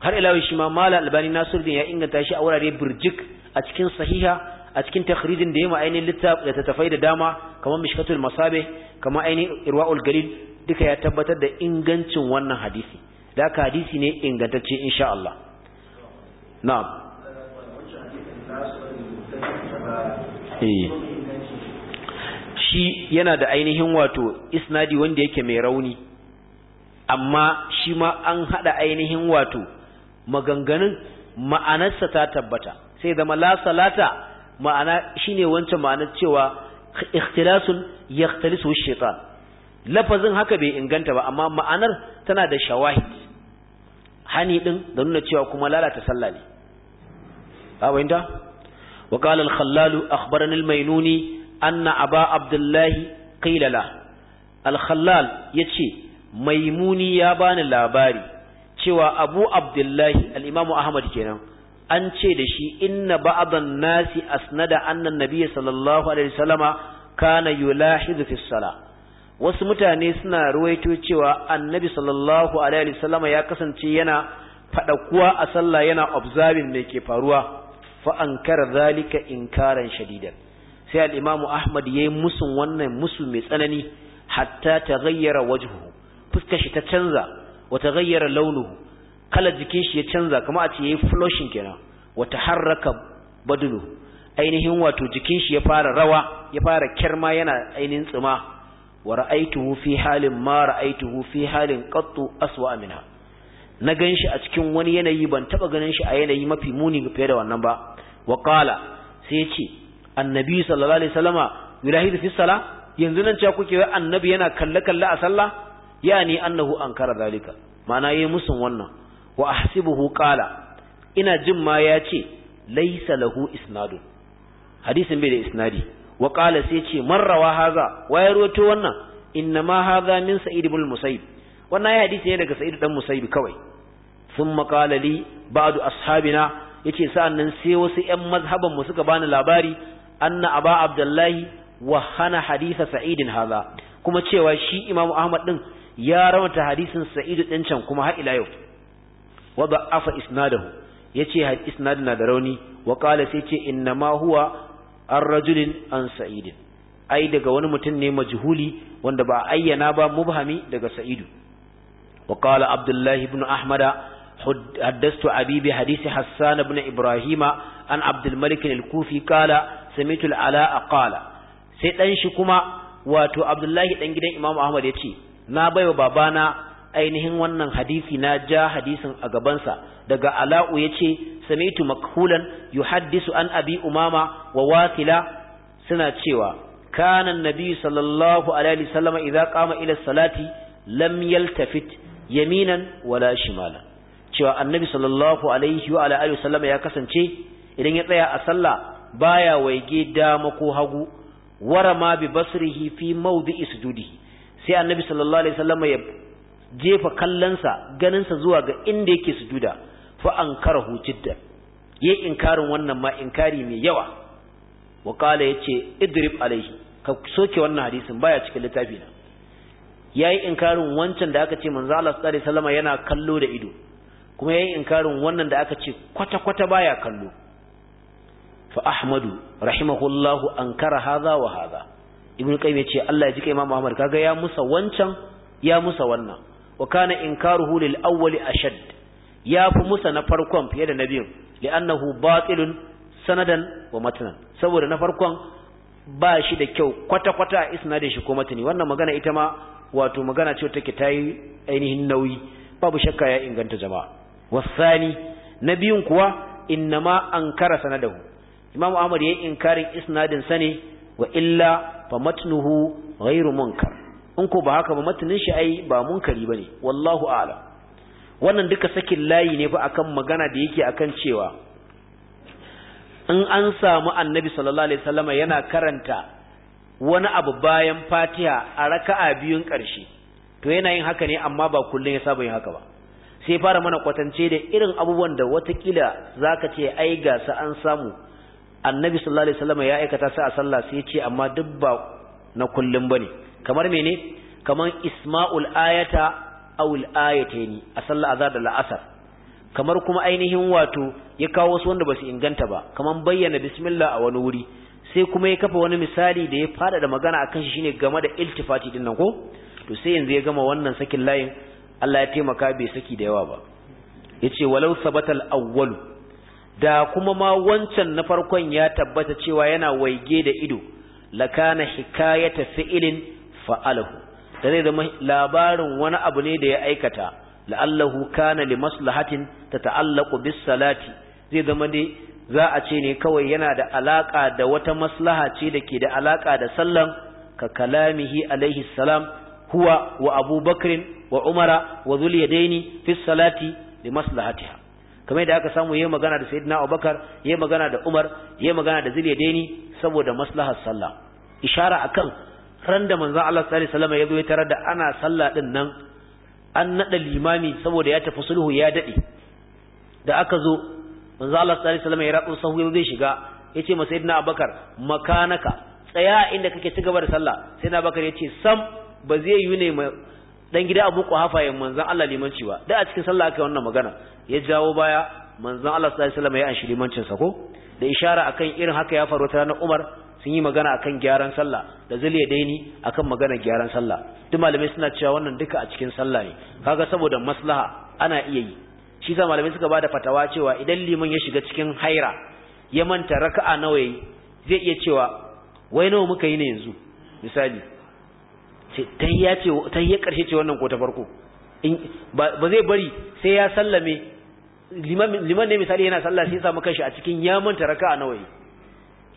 har ila shi ma mala albani nasiruddin ya inganta shi a wurare burjik a cikin sahiha a cikin takhrijin da ya ainihin littaf da da dama kamar mishkatul masabe kamar ainihin irwaul galil duka ya tabbatar da ingancin wannan hadisi da haka hadisi ne ingantacce insha Allah na'am eh. shi yana da ainihin wato isnadi wanda yake mai rauni amma shi ma an hada ainihin wato maganganun ma'anarsa ta tabbata sai zama la salata ma'ana shine wancan ma'anar cewa ikhtilasun yakhtalisu shaitan lafazin haka bai inganta ba amma ma'anar tana da shawahid hani din da nuna cewa kuma lalata sallah ka fahimta wa qala al al-mainuni anna aba abdullahi qila la al-khallal yace maimuni ya bani labari cewa abu abdullahi al-imam ahmad kenan an ce da shi inna ba'dan nasi asnada anna an-nabiy sallallahu alaihi wasallama kana yulahidu fi salah wasu mutane suna ruwaito cewa annabi sallallahu alaihi wasallama ya kasance yana fadakuwa a sallah yana observing me ke faruwa fa ankara zalika inkaran shadidan sai al Ahmad ya yi musun wannan musu mai tsanani hatta taghayyara wajhuhu fuskar shi ta canza wa taghayyara launuhu kalar jikin shi ya canza kama a ce yayi flushing kenan wa harraka badulu ainihin wato jikin shi ya fara rawa ya fara kirma yana ainihin tsima wa ra'aituhu fi halin ma ra'aituhu fi halin qattu aswa minha na gan shi a cikin wani yanayi ban taba ganin shi a yanayi mafi muni fiye da wannan ba wa qala sai ya ce annabi sallallahu alaihi wasallama yulahidu fi sala yanzu nan cewa kuke wai annabi yana kalle kalle a sallah yani annahu ankara zalika ma'ana yayi musun wannan wa ahsibuhu ƙala, ina jin ma ya ce laysa lahu isnadun hadisin bai da isnadi wa qala sai ce man rawa haza wa ya ruwato wannan inna ma haza min sa'id ibn musayyib wannan ya hadisi ne daga sa'id dan musayyib kawai sun makalali ba'adu ashabina yace sa'an nan sai wasu 'yan mazhaban mu suka bani labari anna aba abdullahi wa hana haditha sa'idin haza kuma cewa shi imam ahmad ɗin ya rawata hadisin Sa'idu din can kuma har ila yau wa da'afa isnadahu yace isnadin na da rauni wa qala sai ce inna ma huwa ar-rajulin an sa'idin ai daga wani mutum ne majhuli wanda ba a ayyana ba mubhami daga sa'idu wa qala abdullahi ibn ahmada حدثت أبي بحديث حسان بن إبراهيم عن عبد الملك الكوفي قال سمعت العلاء قال سيدان shi kuma wato Abdullahi dan gidan Imam Ahmad ce na baiwa babana ainihin wannan hadisi na ja hadisin a gabansa daga Ala'u ya ce sami'tu makhulan yuhaddisu an Abi Umama wa Wasila suna cewa kanan annabi sallallahu alaihi sallama idza qama ila salati lam yaltafit yaminan wala shimalan cewa annabi sallallahu alaihi wa ala alihi sallama ya kasance idan ya tsaya a sallah baya waige dama ko hagu wara ma bi basrihi fi mawdi isjudi sai annabi sallallahu alaihi sallama ya jefa kallonsa ganinsa zuwa ga inda yake sujuda fa ankarahu jiddan yayi inkarin wannan ma inkari mai yawa wa qala yace idrib alaihi ka soke wannan hadisin baya cikin littafi na yayi inkarin wancan da aka ce manzo Allah sallallahu alaihi Sallama yana kallo da ido kuma yayi inkarin wannan da aka ce kwata kwata baya kallo fa ahmadu rahimahullahu ankara hadha wa hadha ibnu qayyim ce Allah ya kai imam Muhammad kaga ya musa wancan ya musa wannan wa kana inkaruhu lil awwali ashad ya fi musa na farkon fiye da na biyun li'annahu batilun sanadan wa matnan saboda na farkon ba shi da kyau kwata-kwata a da shi ko matani wannan magana ita ma wato magana ce take tayi ainihin nauyi babu shakka ya inganta jama'a wasani na biyun kuwa innama سنده sanadahu imamu ahmad yayin inkarin isnadin sa ne wa illa fa matnuhu ghairu in ko ba haka ba matnin ba munkari wallahu wannan duka sakin layi ne fa akan magana da yake akan cewa in an samu annabi sallallahu alaihi wasallama yana karanta wani abu bayan fatiha a raka'a biyun ƙarshe to yana yin haka ne amma ba kullum ya saba yin haka ba sai fara mana kwatance da irin abubuwan da watakila zaka ce ai ga sa an samu annabi sallallahu alaihi wasallam ya aikata sa a sallah sai ya ce amma duk ba na kullum bane kamar mene kamar isma'ul ayata aw al ayataini a sallah azhar da la'asar kamar kuma ainihin wato ya kawo wasu wanda ba su inganta ba kamar bayyana bismillah a wani wuri sai kuma ya kafa wani misali da ya fada da magana akan shi shine game da iltifati din nan ko to sai yanzu ya gama wannan sakin layin Allah ya taimaka bai saki da yawa ba yace walau sabatal Awwalu? da kuma ma wancan na farkon ya tabbata cewa yana waige da ido lakana hikayata fi'ilin fa'alahu da zai zama labarin wani abu ne da ya aikata la'allahu kana li maslahatin tata'allaqu bis salati zai zama dai za a ce ne kawai yana da alaka da wata maslaha ce da ke da alaka da sallan ka kalamihi alaihi salam huwa wa abubakrin wa umara wa zul yadaini fi salati li maslahatiha kamar da aka samu yayin magana da sayyidina abubakar yayin magana da umar yayin magana da zul yadaini saboda maslahar sallah ishara akan ran da manzon Allah sallallahu alaihi wasallam ya zo ya tarar da ana sallah din nan an nada limami saboda ya tafi sulhu ya dade da aka zo manzon Allah sallallahu alaihi wasallam ya rabu sahu ya zai shiga yace ma sayyidina abubakar makanaka tsaya inda kake ci gaba da sallah sai na yace ya ce sam ba zai yi ne dan gida Abu Quhafa ya manzon Allah limanci ba da a cikin sallah aka wannan magana ya jawo baya manzon Allah sallallahu alaihi wasallam ya anshi limancin sa ko da ishara akan irin haka ya faru ta ranar Umar sun yi magana akan gyaran sallah da zuliya daini akan magana gyaran sallah duk malamai suna cewa wannan duka a cikin sallah ne kaga saboda maslaha ana iya yi shi sa malamai suka bada fatawa cewa idan liman ya shiga cikin haira ya manta raka'a nawa yayi zai iya cewa wai nawa muka yi ne yanzu misali sai tahiyya ce karshe ce wannan ko ta farko ba zai bari sai ya sallame liman ne misali yana sallah sai ya samu kanshi a cikin ya manta a nawa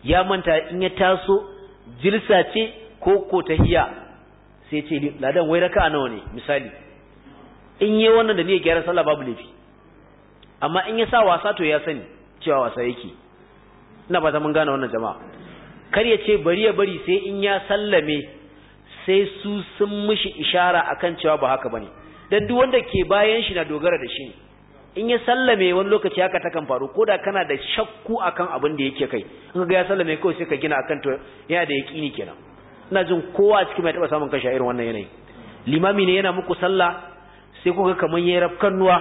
ya manta in ya taso jirsa ce ko ko tahiyya sai ce ladan wai raka a nawa ne misali in yi wannan da ne gyara sallah babu laifi amma in ya sa wasa to ya sani cewa wasa yake ina ba ta mun gane wannan jama'a kar ya ce bari ya bari sai in ya sallame sai su sun mishi ishara akan cewa ba haka bane dan duk wanda ke bayan shi na dogara da shi in ya sallame wani lokaci haka kan faru da kana da shakku akan abin da yake kai in ga ya sallame kawai sai ka gina akan to yana da yaqini kenan ina jin kowa cikin mai taba samun kashi irin wannan yanayi limami ne yana muku sallah sai kuka kaman yayi rafkanuwa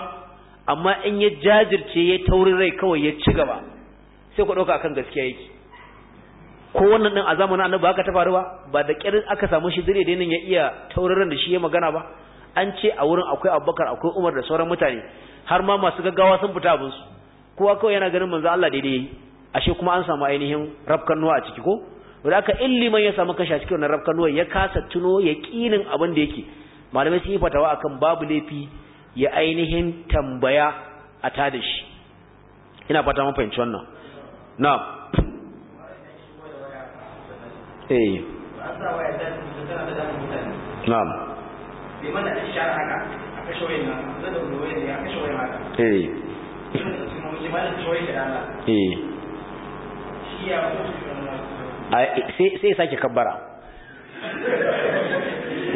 amma in ya jajirce ya taurin rai kawai ya ci gaba sai ku dauka akan gaskiya yake ko wannan din a zamanin annabi haka ta faru ba ba da kirin aka samu shi dire dinin ya iya tauraron da shi ya magana ba an ce a wurin akwai abubakar akwai umar da sauran mutane har ma masu gaggawa sun fita abin su kowa kawai yana ganin manzo Allah daidai yayi ashe kuma an samu ainihin rafkan nuwa a ciki ko wanda aka man ya samu kashi a cikin wannan rafkan nuwa ya kasa tuno kinin abin da yake malamai sun yi fatawa akan babu laifi ya ainihin tambaya a tada shi ina fata mun fahimci wannan na'am eh na'am mana a kashe wayan nan zan da ne a kashe haka eh, eh. sai sake kabbara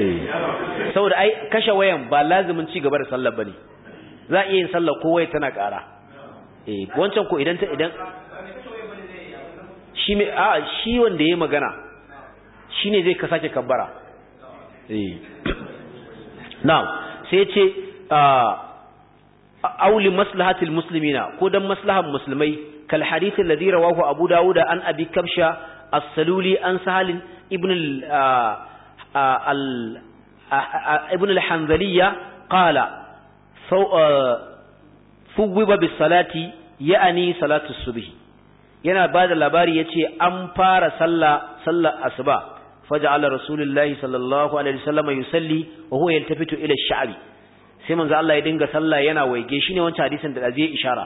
eh. saboda ai kashe wayan ba lazimin ci gaba da sallar bane za iya yin sallar ko wai tana ƙara eh, wancan ko idan ta idan shi me a shi wanda yayi magana shi ne zai ka sake kabbara eh. now sai ce ah, auli maslahatil muslimina ko dan maslahan musulmai kal hadith alladhi wahu abu dawuda an abi kabsha as-saluli an sahalin ibn al ah, ah, ibn al-hanzaliya qala fuwiba bis salati ya'ani salatu subhi yana da labari yace an fara sallah asuba faja'ala rasulullahi sallallahu alaihi wasallam yusalli wa huwa yaltafitu ila ash-sha'bi sai manzo Allah ya dinga sallah yana waige shine wancan hadisin da zai ishara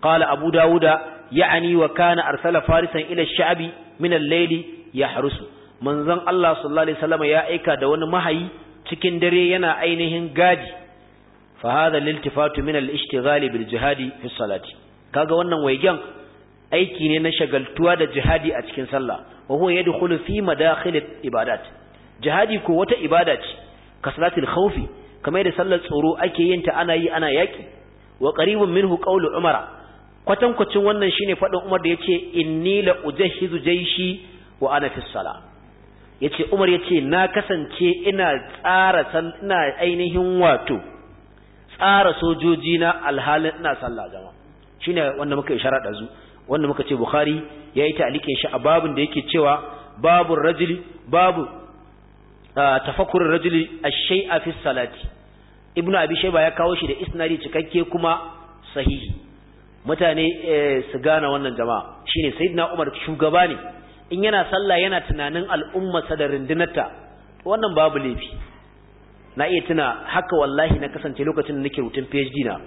qala abu dauda ya'ani wa kana arsala farisan ila ash-sha'bi min al-layli yahrusu manzon Allah sallallahu alaihi wasallam ya aika da wani mahayi cikin dare yana ainihin gaji fa hadha liltifatu min al-ishtighali bil jihadi fi salati kaga wannan waigen aiki ne na shagaltuwa da jihadi a cikin sallah wa huwa yadkhulu fi madakhil ibadat jihadi ko wata ibada ce ka salatul khawfi kamar da sallar tsoro ake yin ta ana yi ana yaki wa qaribun minhu qawlu umar kwatan kwacin wannan shine fadin umar da yace inni la ujahhizu jaishi wa ana fi yace umar yace na kasance ina tsara ina ainihin wato tsara sojoji na alhalin ina sallah jama'a shine wanda muka isharar da zu wanda muka ce bukhari ya yi ta'alikin shi a babun da yake cewa babu rajuli babu tafakkur rajuli shai a fi salati ibnu abi shayba ya kawo shi da isnadi cikakke kuma sahihi mutane eh, su gane wannan jama'a shine sayyidina umar shugaba ne in yana sallah yana tunanin al'ummarsa da rundunarta wannan babu laifi na iya tuna haka wallahi na kasance lokacin da nake rutun PhD na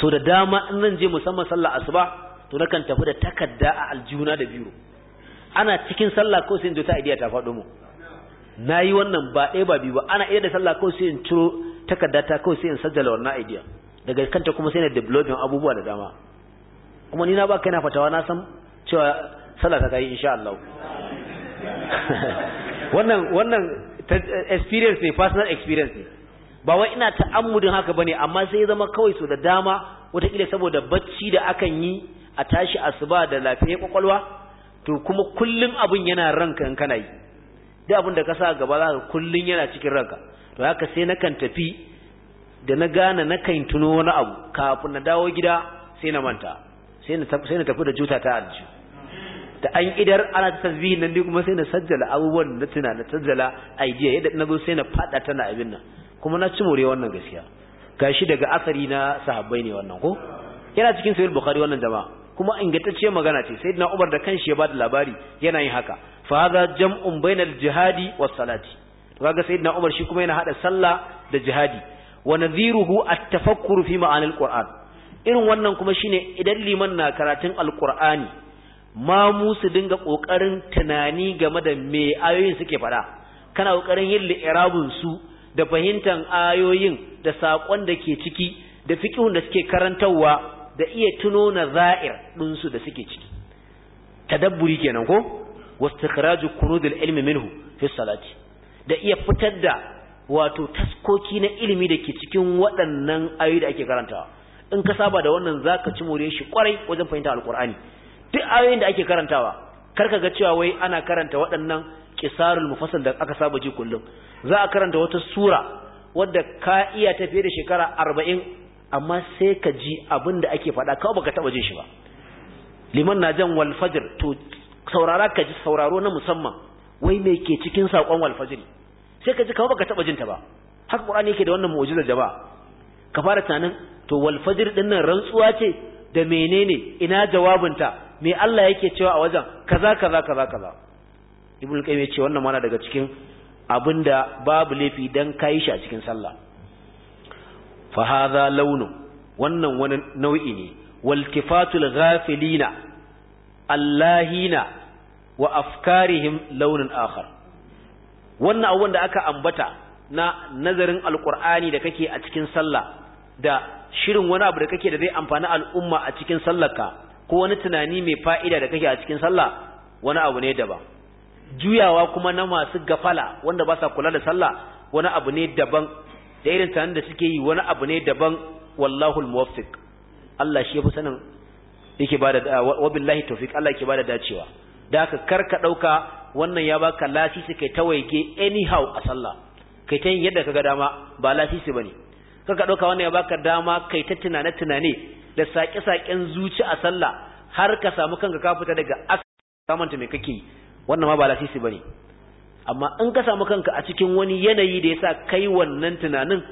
so da dama in zan je musamman sallah asuba to nakan tafi da takarda a aljuna da biro ana cikin sallah ko sai in ta idiya ta faɗo mu nayi wannan ba ɗaya ba biyu ba ana iya da sallah ko sai in ciro takarda ta ko sai in sajjala wannan idiya daga kanta kuma sai na developing abubuwa da dama kuma ni na ba kai na fatawa na san cewa sallah ta kai insha Allah wannan wannan experience ne personal experience ne ba wai ina ta'ammudin haka bane amma sai ya zama kawai so da dama wataƙila saboda bacci da akan yi a tashi asuba da lafiya kwakwalwa to kuma kullun abin yana ranka in kana yi duk abin da ka sa gaba za ka kullun yana cikin ranka to haka sai na kan tafi da na gane na kan tuno wani abu kafin na dawo gida sai na manta sai na tafi da juta ta aljihu da an idar ana ta tasbihi nan dai kuma sai na sajjala abubuwan na tuna na sajjala idea yadda na zo sai na fada tana abin nan kuma na ci more wannan gaskiya gashi daga asari na sahabbai ne wannan ko yana cikin sahih bukhari wannan jama'a kuma ingantacciyar magana ce sayyidina Umar da kanshi ya bada labari yana yin haka fa hadha jam'un bainal jihadi was salati to kaga sayyidina Umar shi kuma yana hada sallah da jihadi wa nadhiruhu at-tafakkur fi al qur'an irin wannan kuma shine idan liman na karatun al al-Qur'ani ma mu su dinga kokarin tunani game da me ayoyin suke fada kana kokarin yin li'irabun su da fahimtar ayoyin da sakon da ke ciki da fiqhun da suke karantawa da iya tuno na za'ir ɗinsu da suke ciki tadabburi kenan ko wastikhraju kunudul ilmi minhu fi salati da iya fitar da wato taskoki na ilimi da ke cikin waɗannan ayoyi da ake karantawa in ka saba da wannan zaka ci more shi kwarai wajen fahimta alqur'ani duk ayoyin da ake karantawa kar ka ga cewa wai ana karanta waɗannan kisarul mufassal da aka saba ji kullum za a karanta wata sura wadda ka iya tafiye da shekara arba'in amma sai ka ji abin da ake faɗa kawai baka taɓa jin shi ba liman na jan wal fajr to saurara ka ji sauraro na musamman wai me ke cikin saƙon wal fajr sai ka ji kawai baka taɓa jin ta ba haka qur'ani yake da wannan mu'jizar jaba? ka fara tunanin to wal fajr din nan rantsuwa ce da menene ina jawabin ta me Allah yake cewa a wajen kaza kaza kaza kaza ibnu qayyim ya ce wannan mana daga cikin abinda babu laifi dan kai shi a cikin sallah fahaza launin launu wannan wani nau'i ne waltifatul ghafilina allahina wa afkarihim launin akhar wannan abubuwan da aka ambata na nazarin alkur'ani da kake a cikin sallah da shirin wani abu da kake da zai amfani al'umma a cikin sallarka ko wani tunani mai fa'ida da kake a cikin sallah wani abu ne daban juyawa kuma na masu gafala wanda ba sa kula da sallah wani abu ne daban da irin tanin da suke yi wani abu ne daban wallahul muwaffiq Allah shi yafi sanin yake bada wa billahi tawfiq Allah yake bada dacewa da haka karka dauka wannan ya baka lasisi kai tawaige anyhow a sallah kai ta yin yadda kaga dama ba lasisi bane karka dauka wannan ya baka dama kai ta tunane tunane da saƙe-saƙen zuci a sallah har ka samu kanka ka fita daga ta me kake wannan ma ba lasisi bane amma in ka samu kanka a cikin wani yanayi da ya sa kai wannan tunanin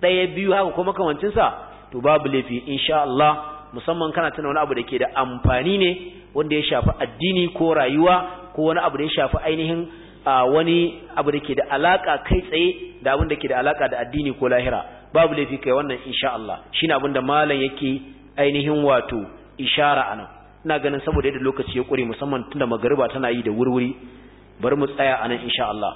ɗaya biyu haka kuma makamancinsa, to babu laifi insha Allah musamman kana tuna wani abu da ke da amfani ne wanda ya shafi addini ko rayuwa ko wani abu da ya shafi ainihin wani abu da ke da alaka kai tsaye da abin da ke da alaka da addini ko lahira babu laifi kai wannan insha Allah shine abin da malam yake ainihin wato ishara anan ina ganin saboda yadda lokaci ya kure musamman tunda magariba tana yi da wurwuri bari mu tsaya anan insha Allah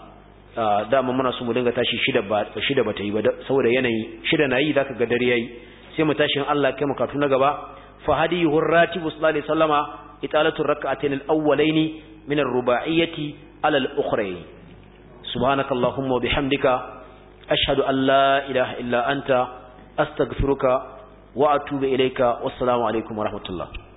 ah, dama muna su mu dinga tashi shida ba shida ta yi ba saboda yanayi shida na yi zaka ga dare yayi sai mu tashi Allah kai mu katu na gaba fa hadiyu ratibu sallallahu alaihi wasallama italatu rak'atayn al min ar-ruba'iyyati ala al-ukhrayn subhanakallahumma wa bihamdika ashhadu an la ilaha illa anta astaghfiruka wa atubu ilayka wassalamu alaikum wa rahmatullah